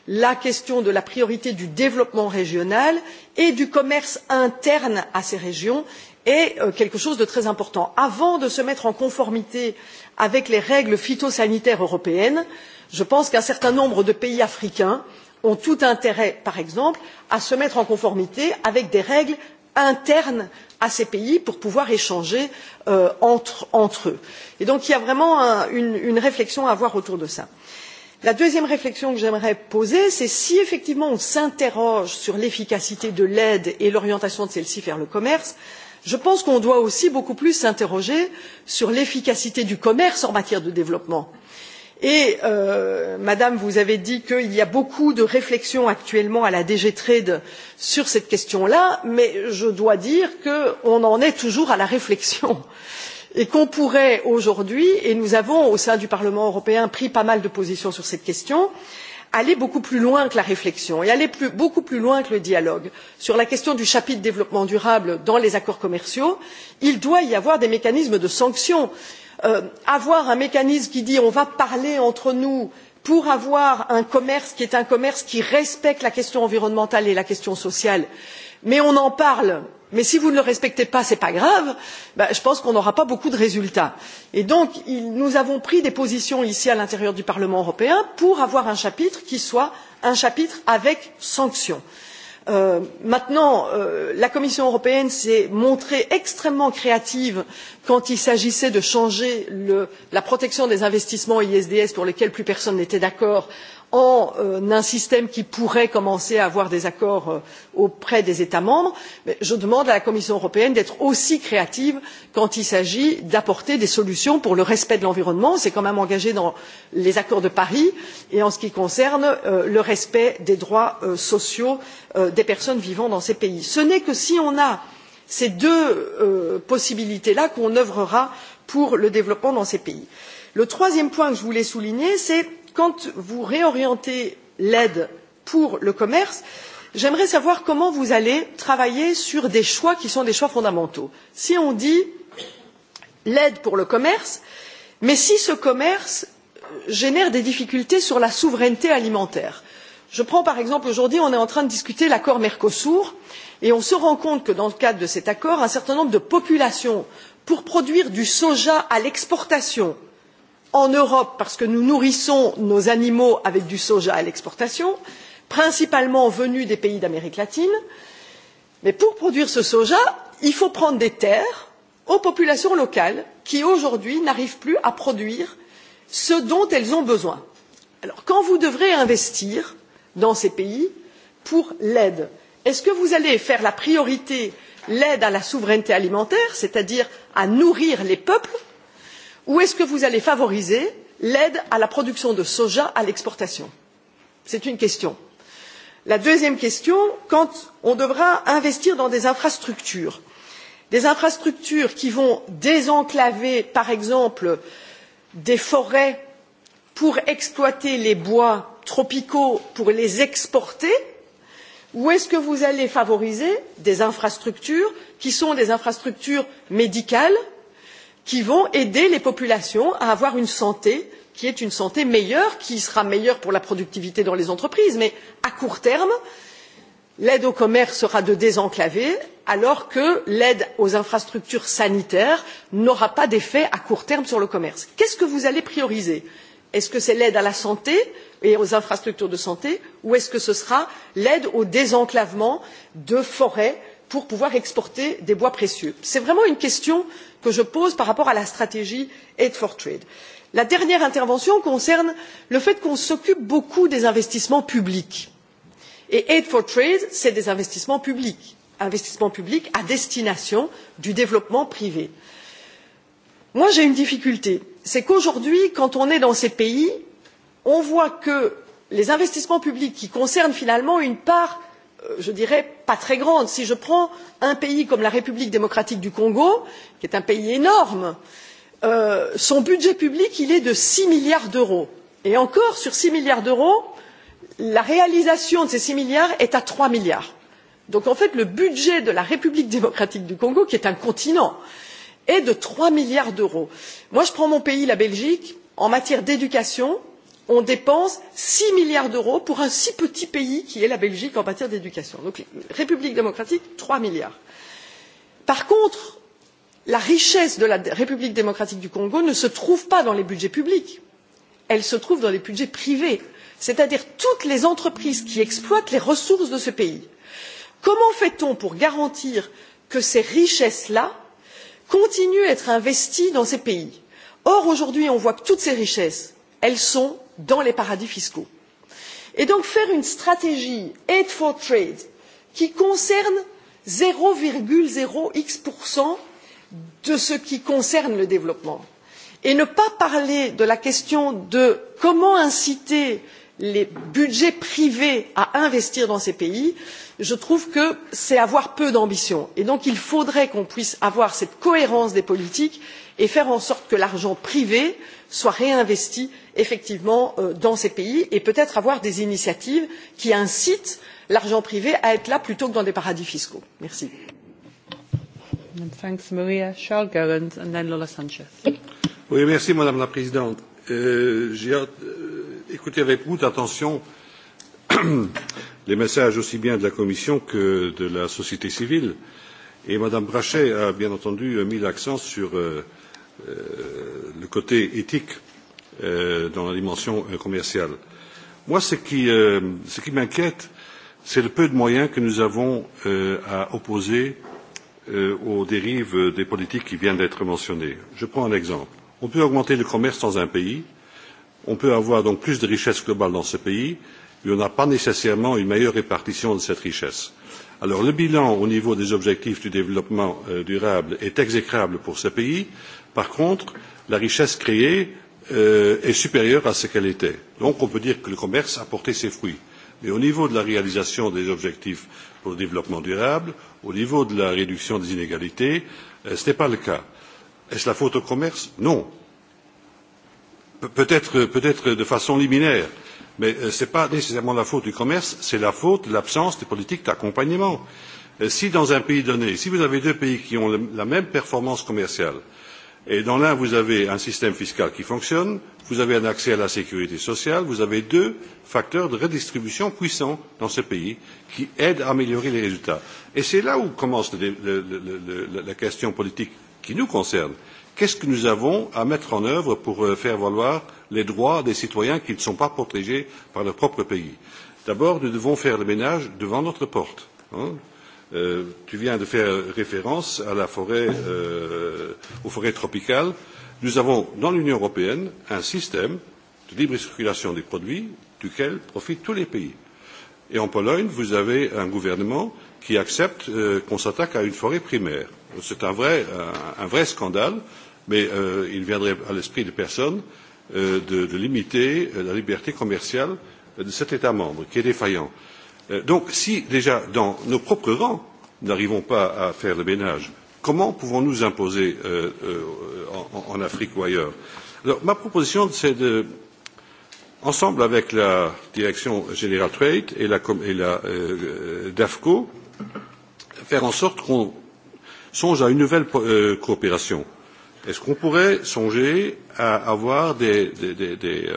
G: la question de la priorité du développement régional et du commerce interne à ces régions est donc euh, quelque chose de très important. avant de se mettre en conformité avec les règles phytosanitaires européennes je pense qu'un certain nombre de pays africains ont tout intérêt par exemple à se mettre en conformité avec des règles internes à ces pays pour pouvoir échanger euh, entre eux. il y a donc vraiment une réflexion à avoir autour de cela. la deuxième réflexion que j'aimerais poser c'est si effectivement on s'interroge sur l'efficacité de l'aide et l'orientation de celle ci vers le commerce je pense qu'on doit aussi beaucoup plus s'interroger sur l'efficacité du commerce en matière de développement et euh, madame vous avez dit qu'il y a beaucoup de réflexions actuellement à la dg trade sur cette question là mais je dois dire qu'on en est toujours à la réflexion et qu'on pourrait aujourd'hui et nous avons au sein du parlement européen pris pas mal de positions sur cette question avoir aller beaucoup plus loin que la réflexion et aller beaucoup plus loin que le dialogue sur la question du chapitre développement durable dans les accords commerciaux il doit y avoir des mécanismes de sanction. Euh, avoir un mécanisme qui dit on va parler entre nous pour avoir un commerce qui est un commerce qui respecte la question environnementale et la question sociale mais on en parle mais si vous ne le respectez pas ce n'est pas grave ben, je pense qu'on n'aura pas beaucoup de résultats. Et donc il, nous avons pris des positions ici à l'intérieur du parlement européen pour avoir un chapitre qui soit un chapitre avec sanctions. Euh, maintenant euh, la commission européenne s'est montrée extrêmement créative quand il s'agissait de changer le, la protection des investissements isds pour lesquels plus personne n'était d'accord en euh, un système qui pourrait commencer à avoir des accords euh, auprès des états membres mais je demande à la commission européenne d'être aussi créative quand il s'agit d'apporter des solutions pour le respect de l'environnement c'est quand même engagé dans les accords de paris et en ce qui concerne euh, le respect des droits sociaux des personnes vivant dans ces pays. ce n'est que si on a ces deux possibilités là qu'on œuvrera pour le développement dans ces pays. le troisième point que je voulais souligner c'est quand vous réorientez l'aide pour le commerce j'aimerais savoir comment vous allez travailler sur des choix qui sont des choix fondamentaux. si on dit l'aide pour le commerce mais si ce commerce euh, génère des difficultés sur la souveraineté alimentaire je prends par exemple aujourd'hui on est en train de discuter l'accord mercosur et on se rend compte que dans le cadre de cet accord un certain nombre de populations pour produire du soja à l'exportation en europe parce que nous nourrissons nos animaux avec du soja à l'exportation principalement venu des pays d'amérique latine mais pour produire ce soja il faut prendre des terres aux populations locales qui aujourd'hui n'arrivent plus à produire ce dont elles ont besoin. alors quand vous devrez investir dans ces pays pour l'aide est ce que vous allez faire la priorité l'aide à la souveraineté alimentaire c'est à dire à nourrir les peuples ou est ce que vous allez favoriser l'aide à la production de soja à l'exportation? c'est une question. la deuxième question quand on devra investir dans des infrastructures des infrastructures qui vont désenclaver par exemple des forêts pour exploiter les bois tropicaux pour les exporter ou est ce que vous allez favoriser des infrastructures qui sont des infrastructures médicales qui vont aider les populations à avoir une santé qui est une santé meilleure qui sera meilleure pour la productivité dans les entreprises mais à court terme l'aide au commerce sera de désenclaver alors que l'aide aux infrastructures sanitaires n'aura pas d'effet à court terme sur le commerce. qu'est ce que vous allez prioriser? est ce que c'est l'aide à la santé et aux infrastructures de santé ou est ce que ce sera l'aide au désenclavement de forêts pour pouvoir exporter des bois précieux. c'est vraiment une question que je pose par rapport à la stratégie aid for trade. la dernière intervention concerne le fait qu'on s'occupe beaucoup des investissements publics et aid for trade c'est des investissements publics investissements publics à destination du développement privé. moi j'ai une difficulté c'est qu'aujourd'hui quand on est dans ces pays on voit que les investissements publics qui concernent finalement une part Euh, je dirais pas très grande. si je prends un pays comme la république démocratique du congo qui est un pays énorme euh, son budget public est de six milliards d'euros et encore sur six milliards d'euros la réalisation de ces six milliards est à trois milliards. donc en fait le budget de la république démocratique du congo qui est un continent est de trois milliards d'euros. je prends mon pays la belgique en matière d'éducation on dépense six milliards d'euros pour un si petit pays qu'est la belgique en matière d'éducation donc république démocratique trois milliards. par contre la richesse de la république démocratique du congo ne se trouve pas dans les budgets publics elle se trouve dans les budgets privés c'est à dire toutes les entreprises qui exploitent les ressources de ce pays. comment fait on pour garantir que ces richesses là continuent à être investies dans ces pays? or aujourd'hui on voit que toutes ces richesses sont dans les paradis fiscaux. et donc faire une stratégie aid for trade qui concerne zéro zéro x de ce qui concerne le développement et ne pas parler de la question de comment inciter les budgets privés à investir dans ces pays je trouve que c'est avoir peu d'ambition. et donc il faudrait qu'on puisse avoir cette cohérence des politiques et faire en sorte que l'argent privé soit réinvesti effectivement euh, dans ces pays et peut être avoir des initiatives qui incitent l'argent privé à être là plutôt que dans des paradis fiscaux.
H: madame la présidente euh, j'ai euh, écouté avec beaucoup d'attention [CLEARS THROAT] les messages aussi bien de la commission que de la société civile et mme brachet a bien entendu mis l'accent sur le côté éthique Euh, dans la dimension euh, commerciale. Moi, ce qui, euh, qui m'inquiète, c'est le peu de moyens que nous avons euh, à opposer euh, aux dérives des politiques qui viennent d'être mentionnées. Je prends un exemple. On peut augmenter le commerce dans un pays, on peut avoir donc plus de richesses globales dans ce pays, mais on n'a pas nécessairement une meilleure répartition de cette richesse. Alors le bilan au niveau des objectifs du développement euh, durable est exécrable pour ce pays. Par contre, la richesse créée Euh, est supérieure à ce qu'elle était. on peut donc dire que le commerce a porté ses fruits mais au niveau de la réalisation des objectifs pour le développement durable au niveau de la réduction des inégalités euh, ce n'est pas le cas. est ce la faute au commerce? non. peut être de façon liminaire mais euh, ce n'est pas nécessairement la faute du commerce c'est la faute de l'absence de politiques d'accompagnement. si dans un pays donné si vous avez deux pays qui ont la même performance commerciale Et dans l'un, vous avez un système fiscal qui fonctionne, vous avez un accès à la sécurité sociale, vous avez deux facteurs de redistribution puissants dans ce pays qui aident à améliorer les résultats. Et c'est là où commence le, le, le, le, la question politique qui nous concerne. Qu'est-ce que nous avons à mettre en œuvre pour euh, faire valoir les droits des citoyens qui ne sont pas protégés par leur propre pays D'abord, nous devons faire le ménage devant notre porte. Hein. Euh, tu viens de faire référence à la forêt, euh, aux forêts tropicales. Nous avons dans l'Union européenne un système de libre circulation des produits duquel profitent tous les pays. Et en Pologne, vous avez un gouvernement qui accepte euh, qu'on s'attaque à une forêt primaire. C'est un vrai, un, un vrai scandale, mais euh, il viendrait à l'esprit de personne euh, de, de limiter euh, la liberté commerciale de cet État membre qui est défaillant. Euh, donc, si déjà dans nos propres rangs, nous n'arrivons pas à faire le ménage, comment pouvons nous imposer euh, euh, en, en Afrique ou ailleurs? Alors, ma proposition, c'est de ensemble avec la direction générale Trade et la, et la euh, euh, DAFCO, faire en sorte qu'on songe à une nouvelle euh, coopération. Est-ce qu'on pourrait songer à avoir des, des, des, des euh,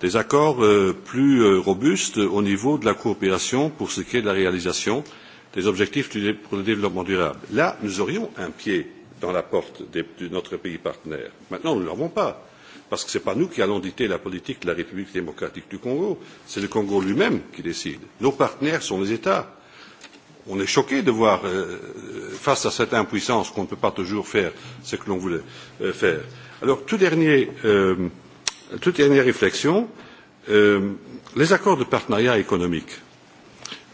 H: des accords euh, plus euh, robustes au niveau de la coopération pour ce qui est de la réalisation des objectifs pour le développement durable. Là, nous aurions un pied dans la porte de notre pays partenaire. Maintenant, nous ne l'avons pas, parce que ce n'est pas nous qui allons dicter la politique de la République démocratique du Congo, c'est le Congo lui même qui décide. Nos partenaires sont les États. On est choqué de voir, euh, euh, face à cette impuissance, qu'on ne peut pas toujours faire ce que l'on voulait euh, faire. Alors, tout dernier euh, toute dernière réflexion euh, les accords de partenariat économique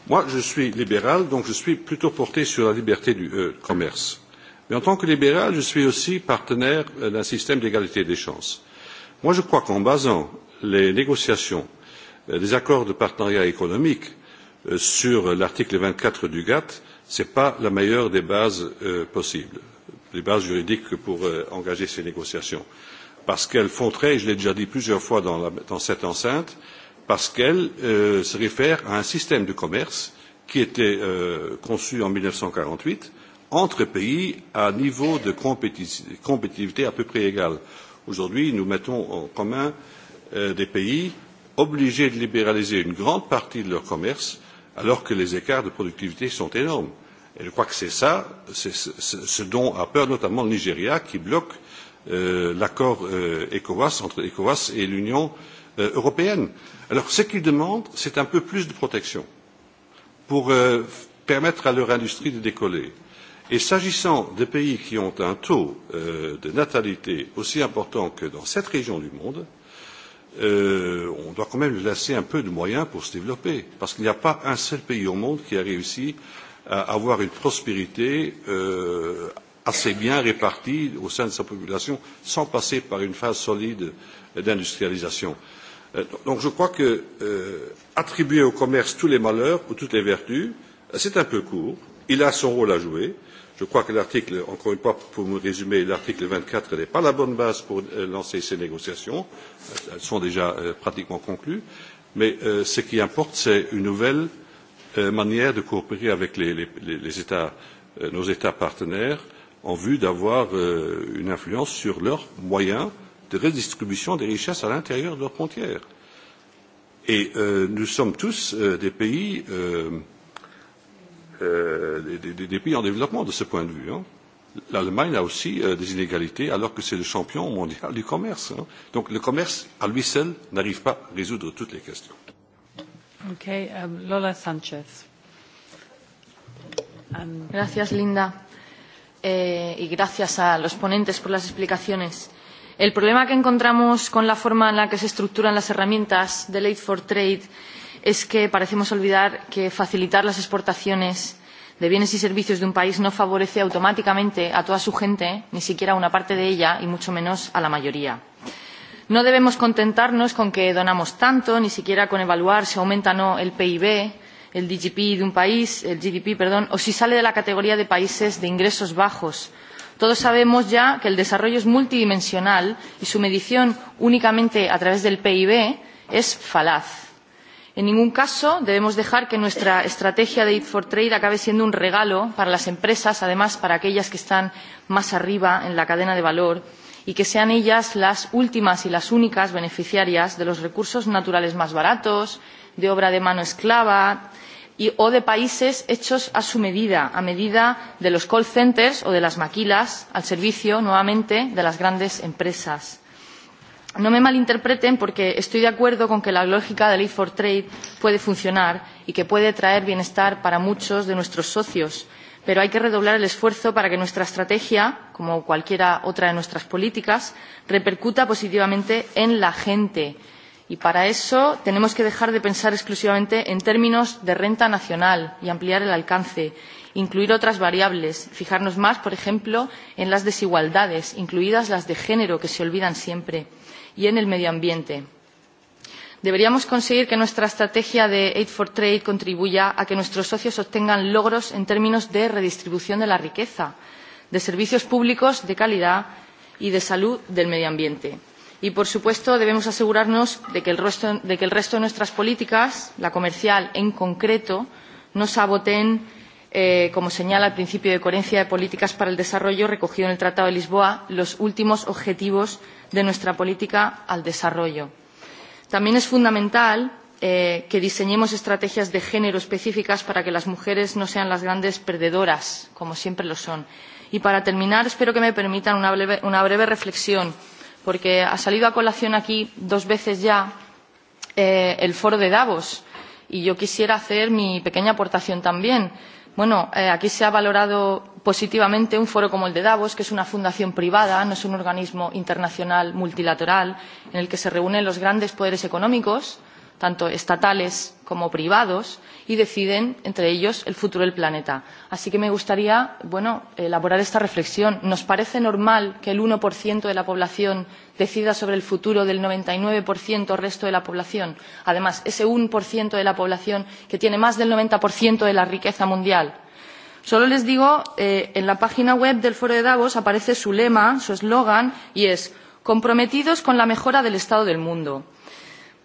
H: moi je suis libéral donc je suis plutôt porté sur la liberté du euh, commerce mais en tant que libéral je suis aussi partenaire euh, d'un système d'égalité des chances. moi je crois qu'en basant les négociations des accords de partenariat économique sur l'article vingt quatre du gatt ce n'est pas la meilleure des bases possibles les bases juridiques pour engager ces négociations parce qu'elles font très je l'ai déjà dit plusieurs fois dans, la, dans cette enceinte parce qu'elles euh, se réfèrent à un système de commerce qui était euh, conçu en 1948 entre pays à niveau de compétiti compétitivité à peu près égal. Aujourd'hui, nous mettons en commun euh, des pays obligés de libéraliser une grande partie de leur commerce alors que les écarts de productivité sont énormes. Et je crois que c'est ça, c est, c est, c est ce dont a peur notamment le Nigeria qui bloque euh, Euh, l'accord euh, ecowas entre ecowas et l'union euh, européenne. alors ce qu'ils demandent c'est un peu plus de protection pour permettre à leur industrie de décoller. et s'agissant des pays qui ont un taux de natalité aussi important que dans cette région du monde euh, on doit quand même leur laisser un peu de moyens pour se développer parce qu'il n'y a pas un seul pays au monde qui a réussi à avoir une prospérité euh, assez bien répartie au sein de sa population sans passer par une phase solide d'industrialisation. Euh, donc je crois que euh, attribuer au commerce tous les malheurs ou toutes les vertus, euh, c'est un peu court. Il a son rôle à jouer. Je crois que l'article, encore une fois, pour me résumer, l'article 24 n'est pas la bonne base pour euh, lancer ces négociations. Elles sont déjà euh, pratiquement conclues. Mais euh, ce qui importe, c'est une nouvelle euh, manière de coopérer avec les, les, les États, euh, nos États partenaires en vue d'avoir euh, une influence sur leurs moyens de redistribution des richesses à l'intérieur de leurs frontières. Et euh, nous sommes tous euh, des pays euh, euh, des, des, des pays en développement de ce point de vue. Hein. L'Allemagne a aussi euh, des inégalités alors que c'est le champion mondial du commerce. Hein. Donc le commerce à lui seul n'arrive pas à résoudre toutes les questions.
A: Okay,
I: um, Lola Sanchez. Um, Gracias, Linda eh, y gracias a los ponentes por las explicaciones. El problema que encontramos con la forma en la que se estructuran las herramientas de Late for Trade es que parecemos olvidar que facilitar las exportaciones de bienes y servicios de un país no favorece automáticamente a toda su gente, ni siquiera a una parte de ella y mucho menos a la mayoría. No debemos contentarnos con que donamos tanto, ni siquiera con evaluar si aumenta o no el PIB el GDP de un país, el GDP, perdón, o si sale de la categoría de países de ingresos bajos. Todos sabemos ya que el desarrollo es multidimensional y su medición únicamente a través del PIB es falaz. En ningún caso debemos dejar que nuestra estrategia de Aid for Trade acabe siendo un regalo para las empresas, además para aquellas que están más arriba en la cadena de valor, y que sean ellas las últimas y las únicas beneficiarias de los recursos naturales más baratos, de obra de mano esclava, o de países hechos a su medida, a medida de los call centers o de las maquilas al servicio, nuevamente, de las grandes empresas. No me malinterpreten porque estoy de acuerdo con que la lógica de la for trade puede funcionar y que puede traer bienestar para muchos de nuestros socios, pero hay que redoblar el esfuerzo para que nuestra estrategia, como cualquiera otra de nuestras políticas, repercuta positivamente en la gente, Y para eso tenemos que dejar de pensar exclusivamente en términos de renta nacional y ampliar el alcance, incluir otras variables, fijarnos más, por ejemplo, en las desigualdades, incluidas las de género, que se olvidan siempre, y en el medio ambiente. Deberíamos conseguir que nuestra estrategia de Aid for Trade contribuya a que nuestros socios obtengan logros en términos de redistribución de la riqueza, de servicios públicos de calidad y de salud del medio ambiente y por supuesto debemos asegurarnos de que el resto de, que el resto de nuestras políticas, la comercial en concreto, no saboten, eh, como señala el principio de coherencia de políticas para el desarrollo recogido en el Tratado de Lisboa, los últimos objetivos de nuestra política al desarrollo. También es fundamental eh, que diseñemos estrategias de género específicas para que las mujeres no sean las grandes perdedoras, como siempre lo son. Y para terminar, espero que me permitan una breve, una breve reflexión porque ha salido a colación aquí dos veces ya eh, el foro de Davos y yo quisiera hacer mi pequeña aportación también. Bueno, eh, aquí se ha valorado positivamente un foro como el de Davos, que es una fundación privada, no es un organismo internacional multilateral en el que se reúnen los grandes poderes económicos tanto estatales como privados, y deciden entre ellos el futuro del planeta. Así que me gustaría bueno, elaborar esta reflexión. ¿Nos parece normal que el 1% de la población decida sobre el futuro del 99% resto de la población? Además, ese 1% de la población que tiene más del 90% de la riqueza mundial. Solo les digo, eh, en la página web del Foro de Davos aparece su lema, su eslogan, y es comprometidos con la mejora del estado del mundo.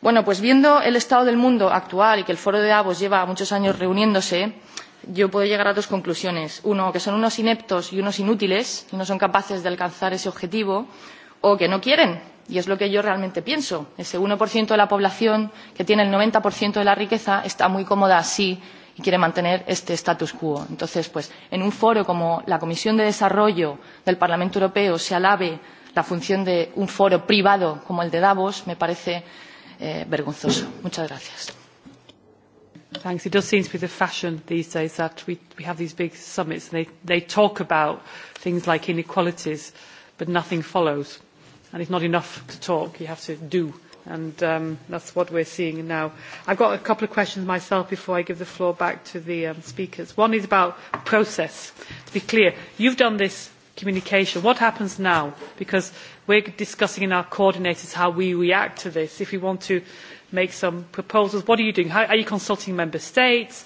I: Bueno, pues viendo el estado del mundo actual y que el foro de Davos lleva muchos años reuniéndose, yo puedo llegar a dos conclusiones. Uno, que son unos ineptos y unos inútiles y no son capaces de alcanzar ese objetivo, o que no quieren, y es lo que yo realmente pienso. Ese 1% de la población que tiene el 90% de la riqueza está muy cómoda así y quiere mantener este status quo. Entonces, pues, en un foro como la Comisión de Desarrollo del Parlamento Europeo se alabe la función de un foro privado como el de Davos, me parece eh, vergonzoso. Muchas gracias.
A: Thanks. It does seem to be the fashion these days that we, we have these big summits and they, they talk about things like inequalities, but nothing follows. And it's not enough to talk, you have to do. And um, that's what we're seeing now. I've got a couple of questions myself before I give the floor back to the um, speakers. One is about process. To be clear, you've done this communication. What happens now? Because we're discussing in our coordinators how we react to this. If we want to make some proposals, what are you doing? How, are you consulting member states?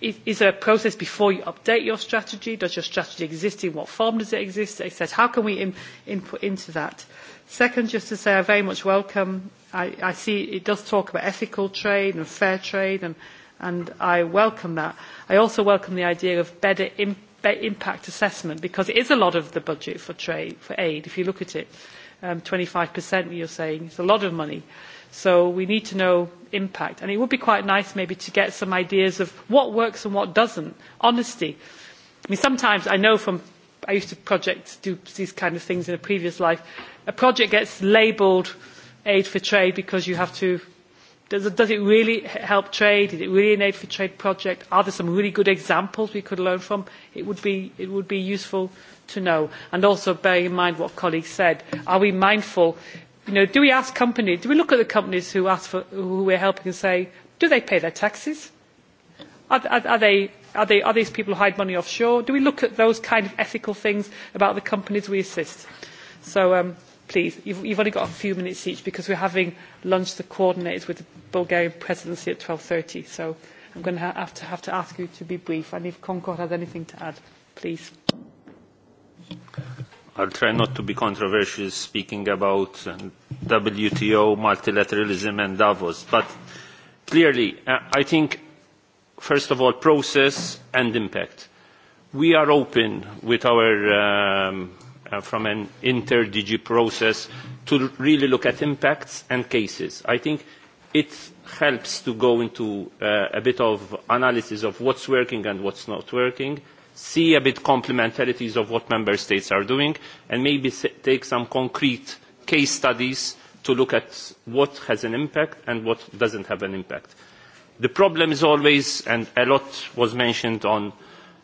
A: Is, is there a process before you update your strategy? Does your strategy exist? In what form does it exist? Et how can we in, input into that? Second, just to say I very much welcome. I, I see it does talk about ethical trade and fair trade, and, and I welcome that. I also welcome the idea of better input impact assessment because it is a lot of the budget for trade for aid if you look at it um, 25 percent you're saying it's a lot of money so we need to know impact and it would be quite nice maybe to get some ideas of what works and what doesn't honesty i mean sometimes i know from i used to project do these kind of things in a previous life a project gets labeled aid for trade because you have to does, does it really help trade? Is it really an aid for trade project? Are there some really good examples we could learn from? It would be, it would be useful to know. And also bearing in mind what colleagues said, are we mindful, you know, do we ask companies, do we look at the companies who, ask for, who we're helping and say, do they pay their taxes? Are, are, are, they, are, they, are these people who hide money offshore? Do we look at those kind of ethical things about the companies we assist? So um, please, you've, you've only got a few minutes each because we're having lunch the coordinators with the Bulgarian presidency at 12.30. So I'm going to have to have to ask you to be brief. And if Concord has anything to add, please.
C: I'll try not to be controversial speaking about uh, WTO, multilateralism and Davos. But clearly, uh, I think, first of all, process and impact. We are open with our um, Uh, from an inter-DG process to really look at impacts and cases. I think it helps to go into uh, a bit of analysis of what's working and what's not working, see a bit complementarities of what member states are doing, and maybe take some concrete case studies to look at what has an impact and what doesn't have an impact. The problem is always, and a lot was mentioned on uh,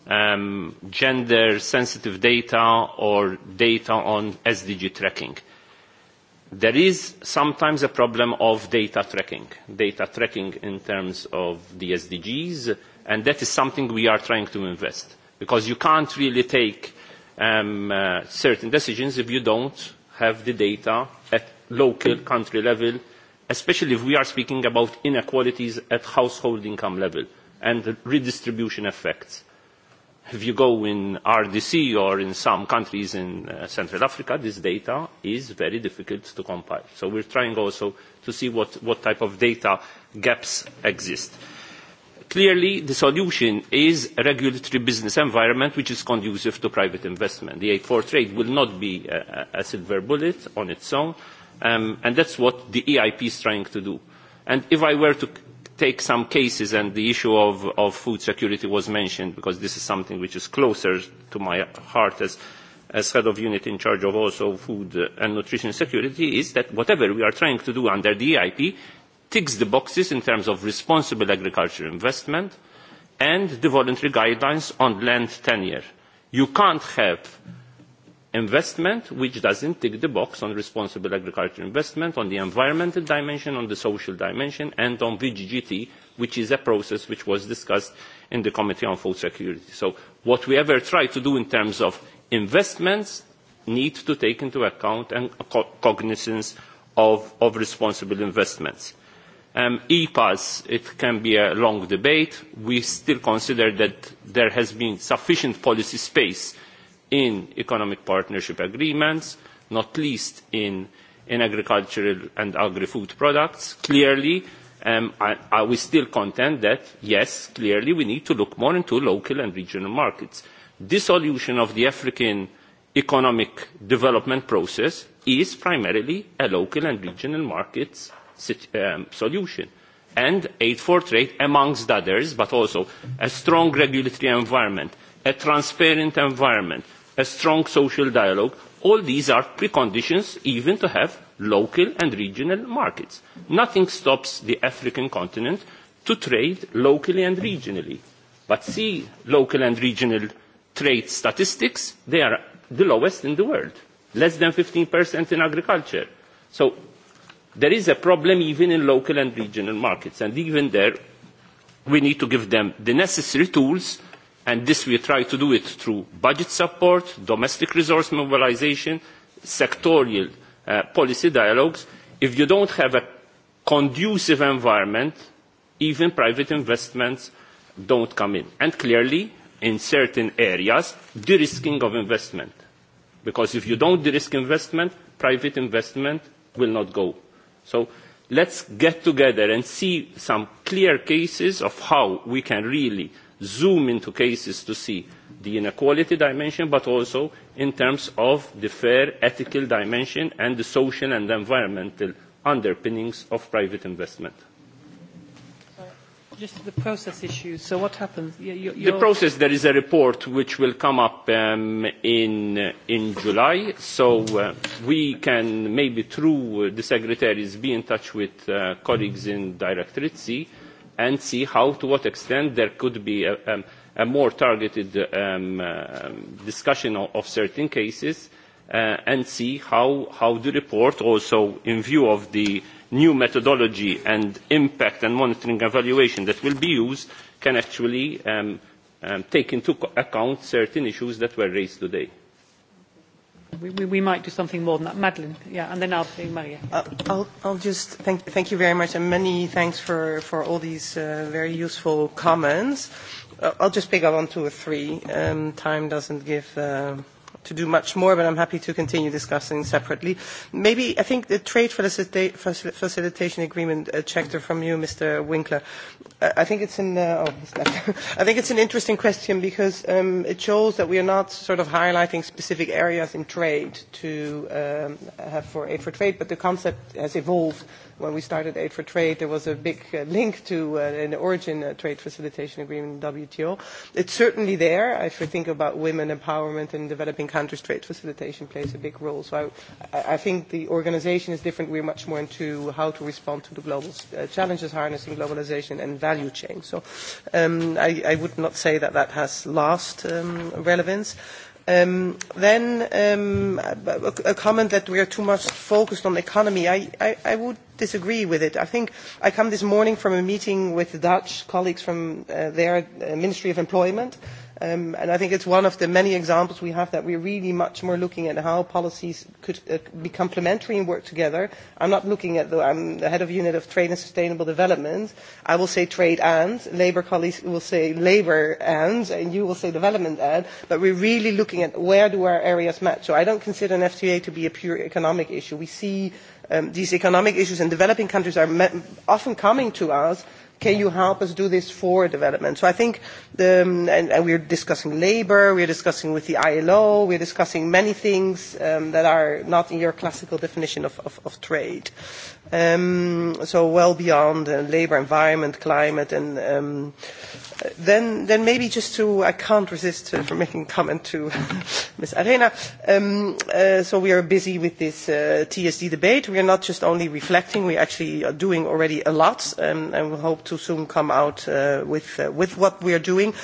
C: um, gender-sensitive data or data on SDG tracking. There is sometimes a problem of data tracking, data tracking in terms of the SDGs, and that is something we are trying to invest, because you can't really take um, uh, certain decisions if you don't have the data at local country level, especially if we are speaking about inequalities at household income level and redistribution effects if you go in RDC or in some countries in uh, Central Africa, this data is very difficult to compile. So we're trying also to see what, what type of data gaps exist. Clearly, the solution is a regulatory business environment which is conducive to private investment. The A4 trade will not be a, a silver bullet on its own, um, and that's what the EIP is trying to do. And if I were to take some cases, and the issue of, of food security was mentioned because this is something which is closer to my heart as, as head of unit in charge of also food and nutrition security, is that whatever we are trying to do under the EIP ticks the boxes in terms of responsible agriculture investment and the voluntary guidelines on land tenure. You can't have investment which does not tick the box on responsible agriculture investment on the environmental dimension on the social dimension and on vggt which is a process which was discussed in the committee on food security. so what we ever try to do in terms of investments needs to take into account and cognizance of, of responsible investments. Um, EPAS, it can be a long debate. We still consider that there has been sufficient policy space in economic partnership agreements, not least in, in agricultural and agri-food products. Clearly, um, are we still content that, yes, clearly we need to look more into local and regional markets. Dissolution of the African economic development process is primarily a local and regional markets um, solution. And 8-4 trade, amongst others, but also a strong regulatory environment, a transparent environment, a strong social dialogue, all these are preconditions even to have local and regional markets. Nothing stops the African continent to trade locally and regionally. But see local and regional trade statistics, they are the lowest in the world, less than 15% in agriculture. So there is a problem even in local and regional markets, and even there, we need to give them the necessary tools and this we try to do it through budget support, domestic resource mobilization, sectorial uh, policy dialogues, if you don't have a conducive environment, even private investments don't come in. And clearly, in certain areas, de-risking of investment. Because if you don't de-risk investment, private investment will not go. So let's get together and see some clear cases of how we can really zoom into cases to see the inequality dimension, but also in terms of the fair ethical dimension and the social and environmental underpinnings of private investment.
A: Just the process issue. So what happens? Your... The process,
C: there is a report which will come up um, in, in July. So uh, we can maybe through uh, the secretaries be in touch with uh, colleagues in Directorate C and see how to what extent there could be a um, more targeted um, um, discussion of certain cases, uh, and see how the report also, in view of the new methodology and impact and monitoring evaluation that will be used, can actually take into account certain issues that were raised today
A: we, we might do something more than that. Madeline, yeah, and then I'll say Maria.
D: Uh, I'll, I'll just thank, thank you very much, and many thanks for, for all these uh, very useful comments. Uh, I'll just pick up on two or three. Um, time doesn't give. Uh, to do much more, but I'm happy to continue discussing separately. Maybe I think the trade facilita facilitation agreement uh, chapter from you, Mr. Winkler. I, uh, I think it's an uh, oh, [LAUGHS] I think it's an interesting question because um, it shows that we are not sort of highlighting specific areas in trade to um, have for aid for trade, but the concept has evolved when we started Aid for Trade, there was a big uh, link to uh, an origin uh, trade facilitation agreement in WTO. It's certainly there. If we think about women empowerment in developing countries, trade facilitation plays a big role. So I, I think the organization is different. We're much more into how to respond to the global uh, challenges, harnessing globalization and value chain. So um, I, I would not say that that has lost um, relevance. Um, then um, a comment that we are too much focused on the economy. I, I, I would disagree with it. I think I come this morning from a meeting with the Dutch colleagues from uh, their uh, Ministry of Employment. Um, and I think it's one of the many examples we have that we're really much more looking at how policies could uh, be complementary and work together. I'm not looking at the, I'm the head of unit of trade and sustainable development. I will say trade and, labor colleagues will say labor and, and you will say development and, but we're really looking at where do our areas match. So I don't consider an FTA to be a pure economic issue. We see um, these economic issues and developing countries are me- often coming to us can you help us do this for development? So I think, the, um, and, and we're discussing labor, we're discussing with the ILO, we're discussing many things um, that are not in your classical definition of, of, of trade um, so well beyond uh, labour, environment, climate, and um, then, then maybe just to, I can't resist uh, from making a comment to Ms. [LAUGHS] Arena. Um, uh, so we are busy with this uh, TSD debate. We are not just only reflecting, we actually are doing already a lot, um, and we hope to soon come out uh, with, uh, with what we are doing.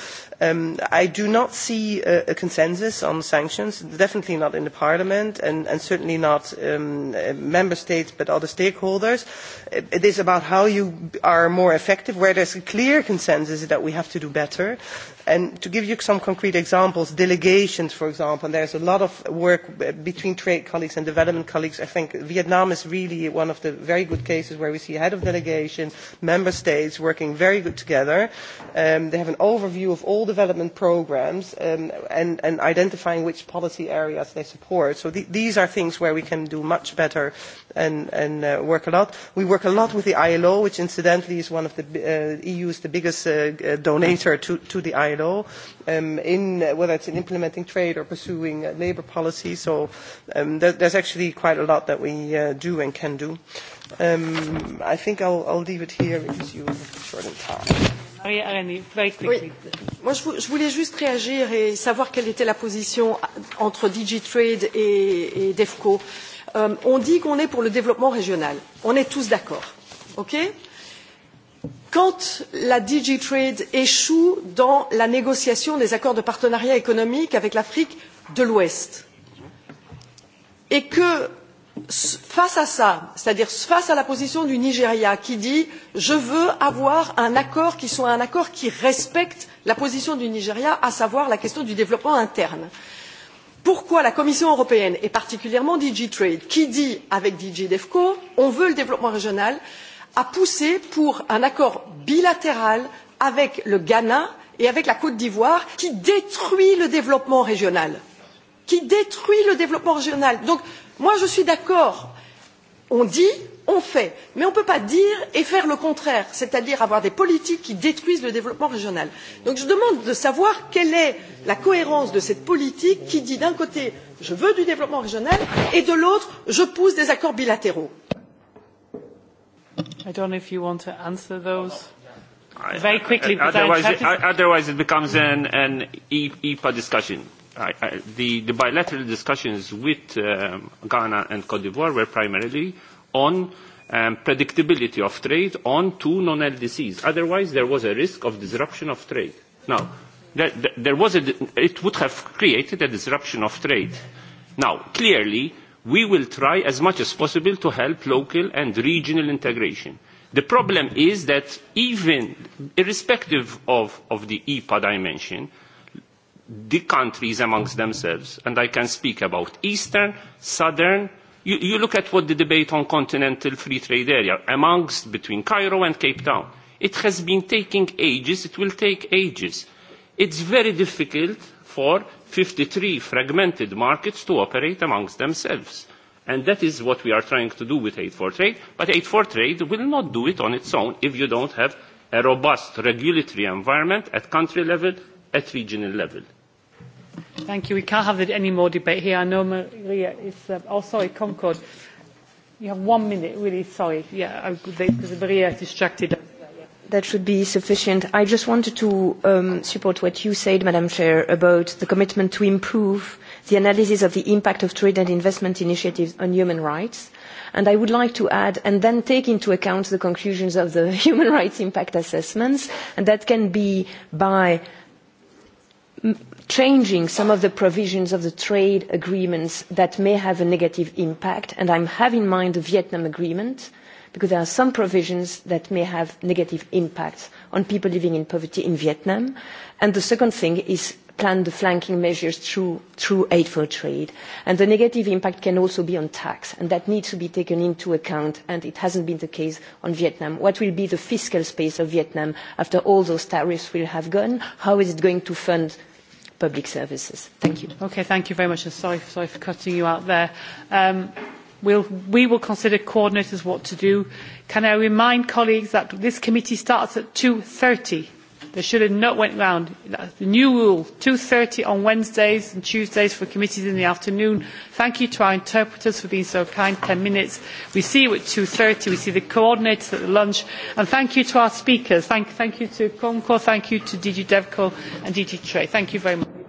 D: Um, i do not see a consensus on sanctions definitely not in parliament and certainly not among um, uh, member states but other stakeholders. it is about how you are more effective where there is a clear consensus that we have to do better. And to give you some concrete examples, delegations, for example, and there's a lot of work between trade colleagues and development colleagues. I think Vietnam is really one of the very good cases where we see head of delegation, member states working very good together. Um, they have an overview of all development programs um, and, and identifying which policy areas they support. So th- these are things where we can do much better and, and uh, work a lot. We work a lot with the ILO, which incidentally is one of the uh, EU's the biggest uh, uh, donator to, to the ILO. ILO um, in uh, whether it's in implementing trade or pursuing uh, labour policy. So um, th- there's actually quite a lot that we uh, do and can do. Um, I think I'll, I'll leave it here because you are short in time.
G: Oui, Moi, je voulais juste réagir et savoir quelle était la position euh, entre DigiTrade et, et DEFCO. Euh, on dit qu'on est pour le développement régional. On est tous d'accord. Okay Quand la DG Trade échoue dans la négociation des accords de partenariat économique avec l'Afrique de l'Ouest, et que face à ça, c'est-à-dire face à la position du Nigeria qui dit je veux avoir un accord qui soit un accord qui respecte la position du Nigeria, à savoir la question du développement interne, pourquoi la Commission européenne et particulièrement DG Trade qui dit avec DG DEFCO on veut le développement régional a poussé pour un accord bilatéral avec le Ghana et avec la Côte d'Ivoire qui détruit le développement régional. Qui détruit le développement régional. Donc, moi, je suis d'accord. On dit, on fait. Mais on ne peut pas dire et faire le contraire, c'est-à-dire avoir des politiques qui détruisent le développement régional. Donc, je demande de savoir quelle est la cohérence de cette politique qui dit d'un côté, je veux du développement régional et de l'autre, je pousse des accords bilatéraux.
A: I don't know if you want to answer those.
C: Very quickly, otherwise, it, otherwise it becomes an, an EPA e discussion. I, I, the, the bilateral discussions with um, Ghana and Cote d'Ivoire were primarily on um, predictability of trade on two non-LDCs. Otherwise, there was a risk of disruption of trade. Now, there, there was a, it would have created a disruption of trade. Now, clearly, we will try as much as possible to help local and regional integration. The problem is that even irrespective of, of the EPA dimension, the countries amongst themselves, and I can speak about Eastern, Southern, you, you look at what the debate on continental free trade area amongst between Cairo and Cape Town. It has been taking ages, it will take ages. It's very difficult for 53 fragmented markets to operate amongst themselves. And that is what we are trying to do with 8-4 trade. But 8-4 trade will not do it on its own if you don't have a robust regulatory environment at country level, at regional level.
A: Thank you. We can't have any more debate here. I know Maria is... Uh, oh, sorry, Concord. You have one minute, really. Sorry. Yeah, because Maria distracted us
E: that should be sufficient. I just wanted to um, support what you said, Madam Chair, about the commitment to improve the analysis of the impact of trade and investment initiatives on human rights. And I would like to add, and then take into account the conclusions of the [LAUGHS] human rights impact assessments, and that can be by changing some of the provisions of the trade agreements that may have a negative impact. And I have in mind the Vietnam agreement, uh, because there are some provisions that may have negative impacts on people living in poverty in Vietnam. And the second thing is plan the flanking measures through, through aid for trade. And the negative impact can also be on tax, and that needs to be taken into account, and it hasn't been the case on Vietnam. What will be the fiscal space of Vietnam after all those tariffs will have gone? How is it going to fund public services? Thank you. Okay,
A: thank you very much. Sorry, sorry for cutting you out there. Um, We'll, we will consider coordinators what to do. Can I remind colleagues that this committee starts at 2.30? They should have not went round. The new rule, 2.30 on Wednesdays and Tuesdays for committees in the afternoon. Thank you to our interpreters for being so kind, 10 minutes. We see you at 2.30, we see the coordinators at the lunch. And thank you to our speakers. Thank, thank you to Concor, thank you to DG DevCo and DG Trade. Thank you very much.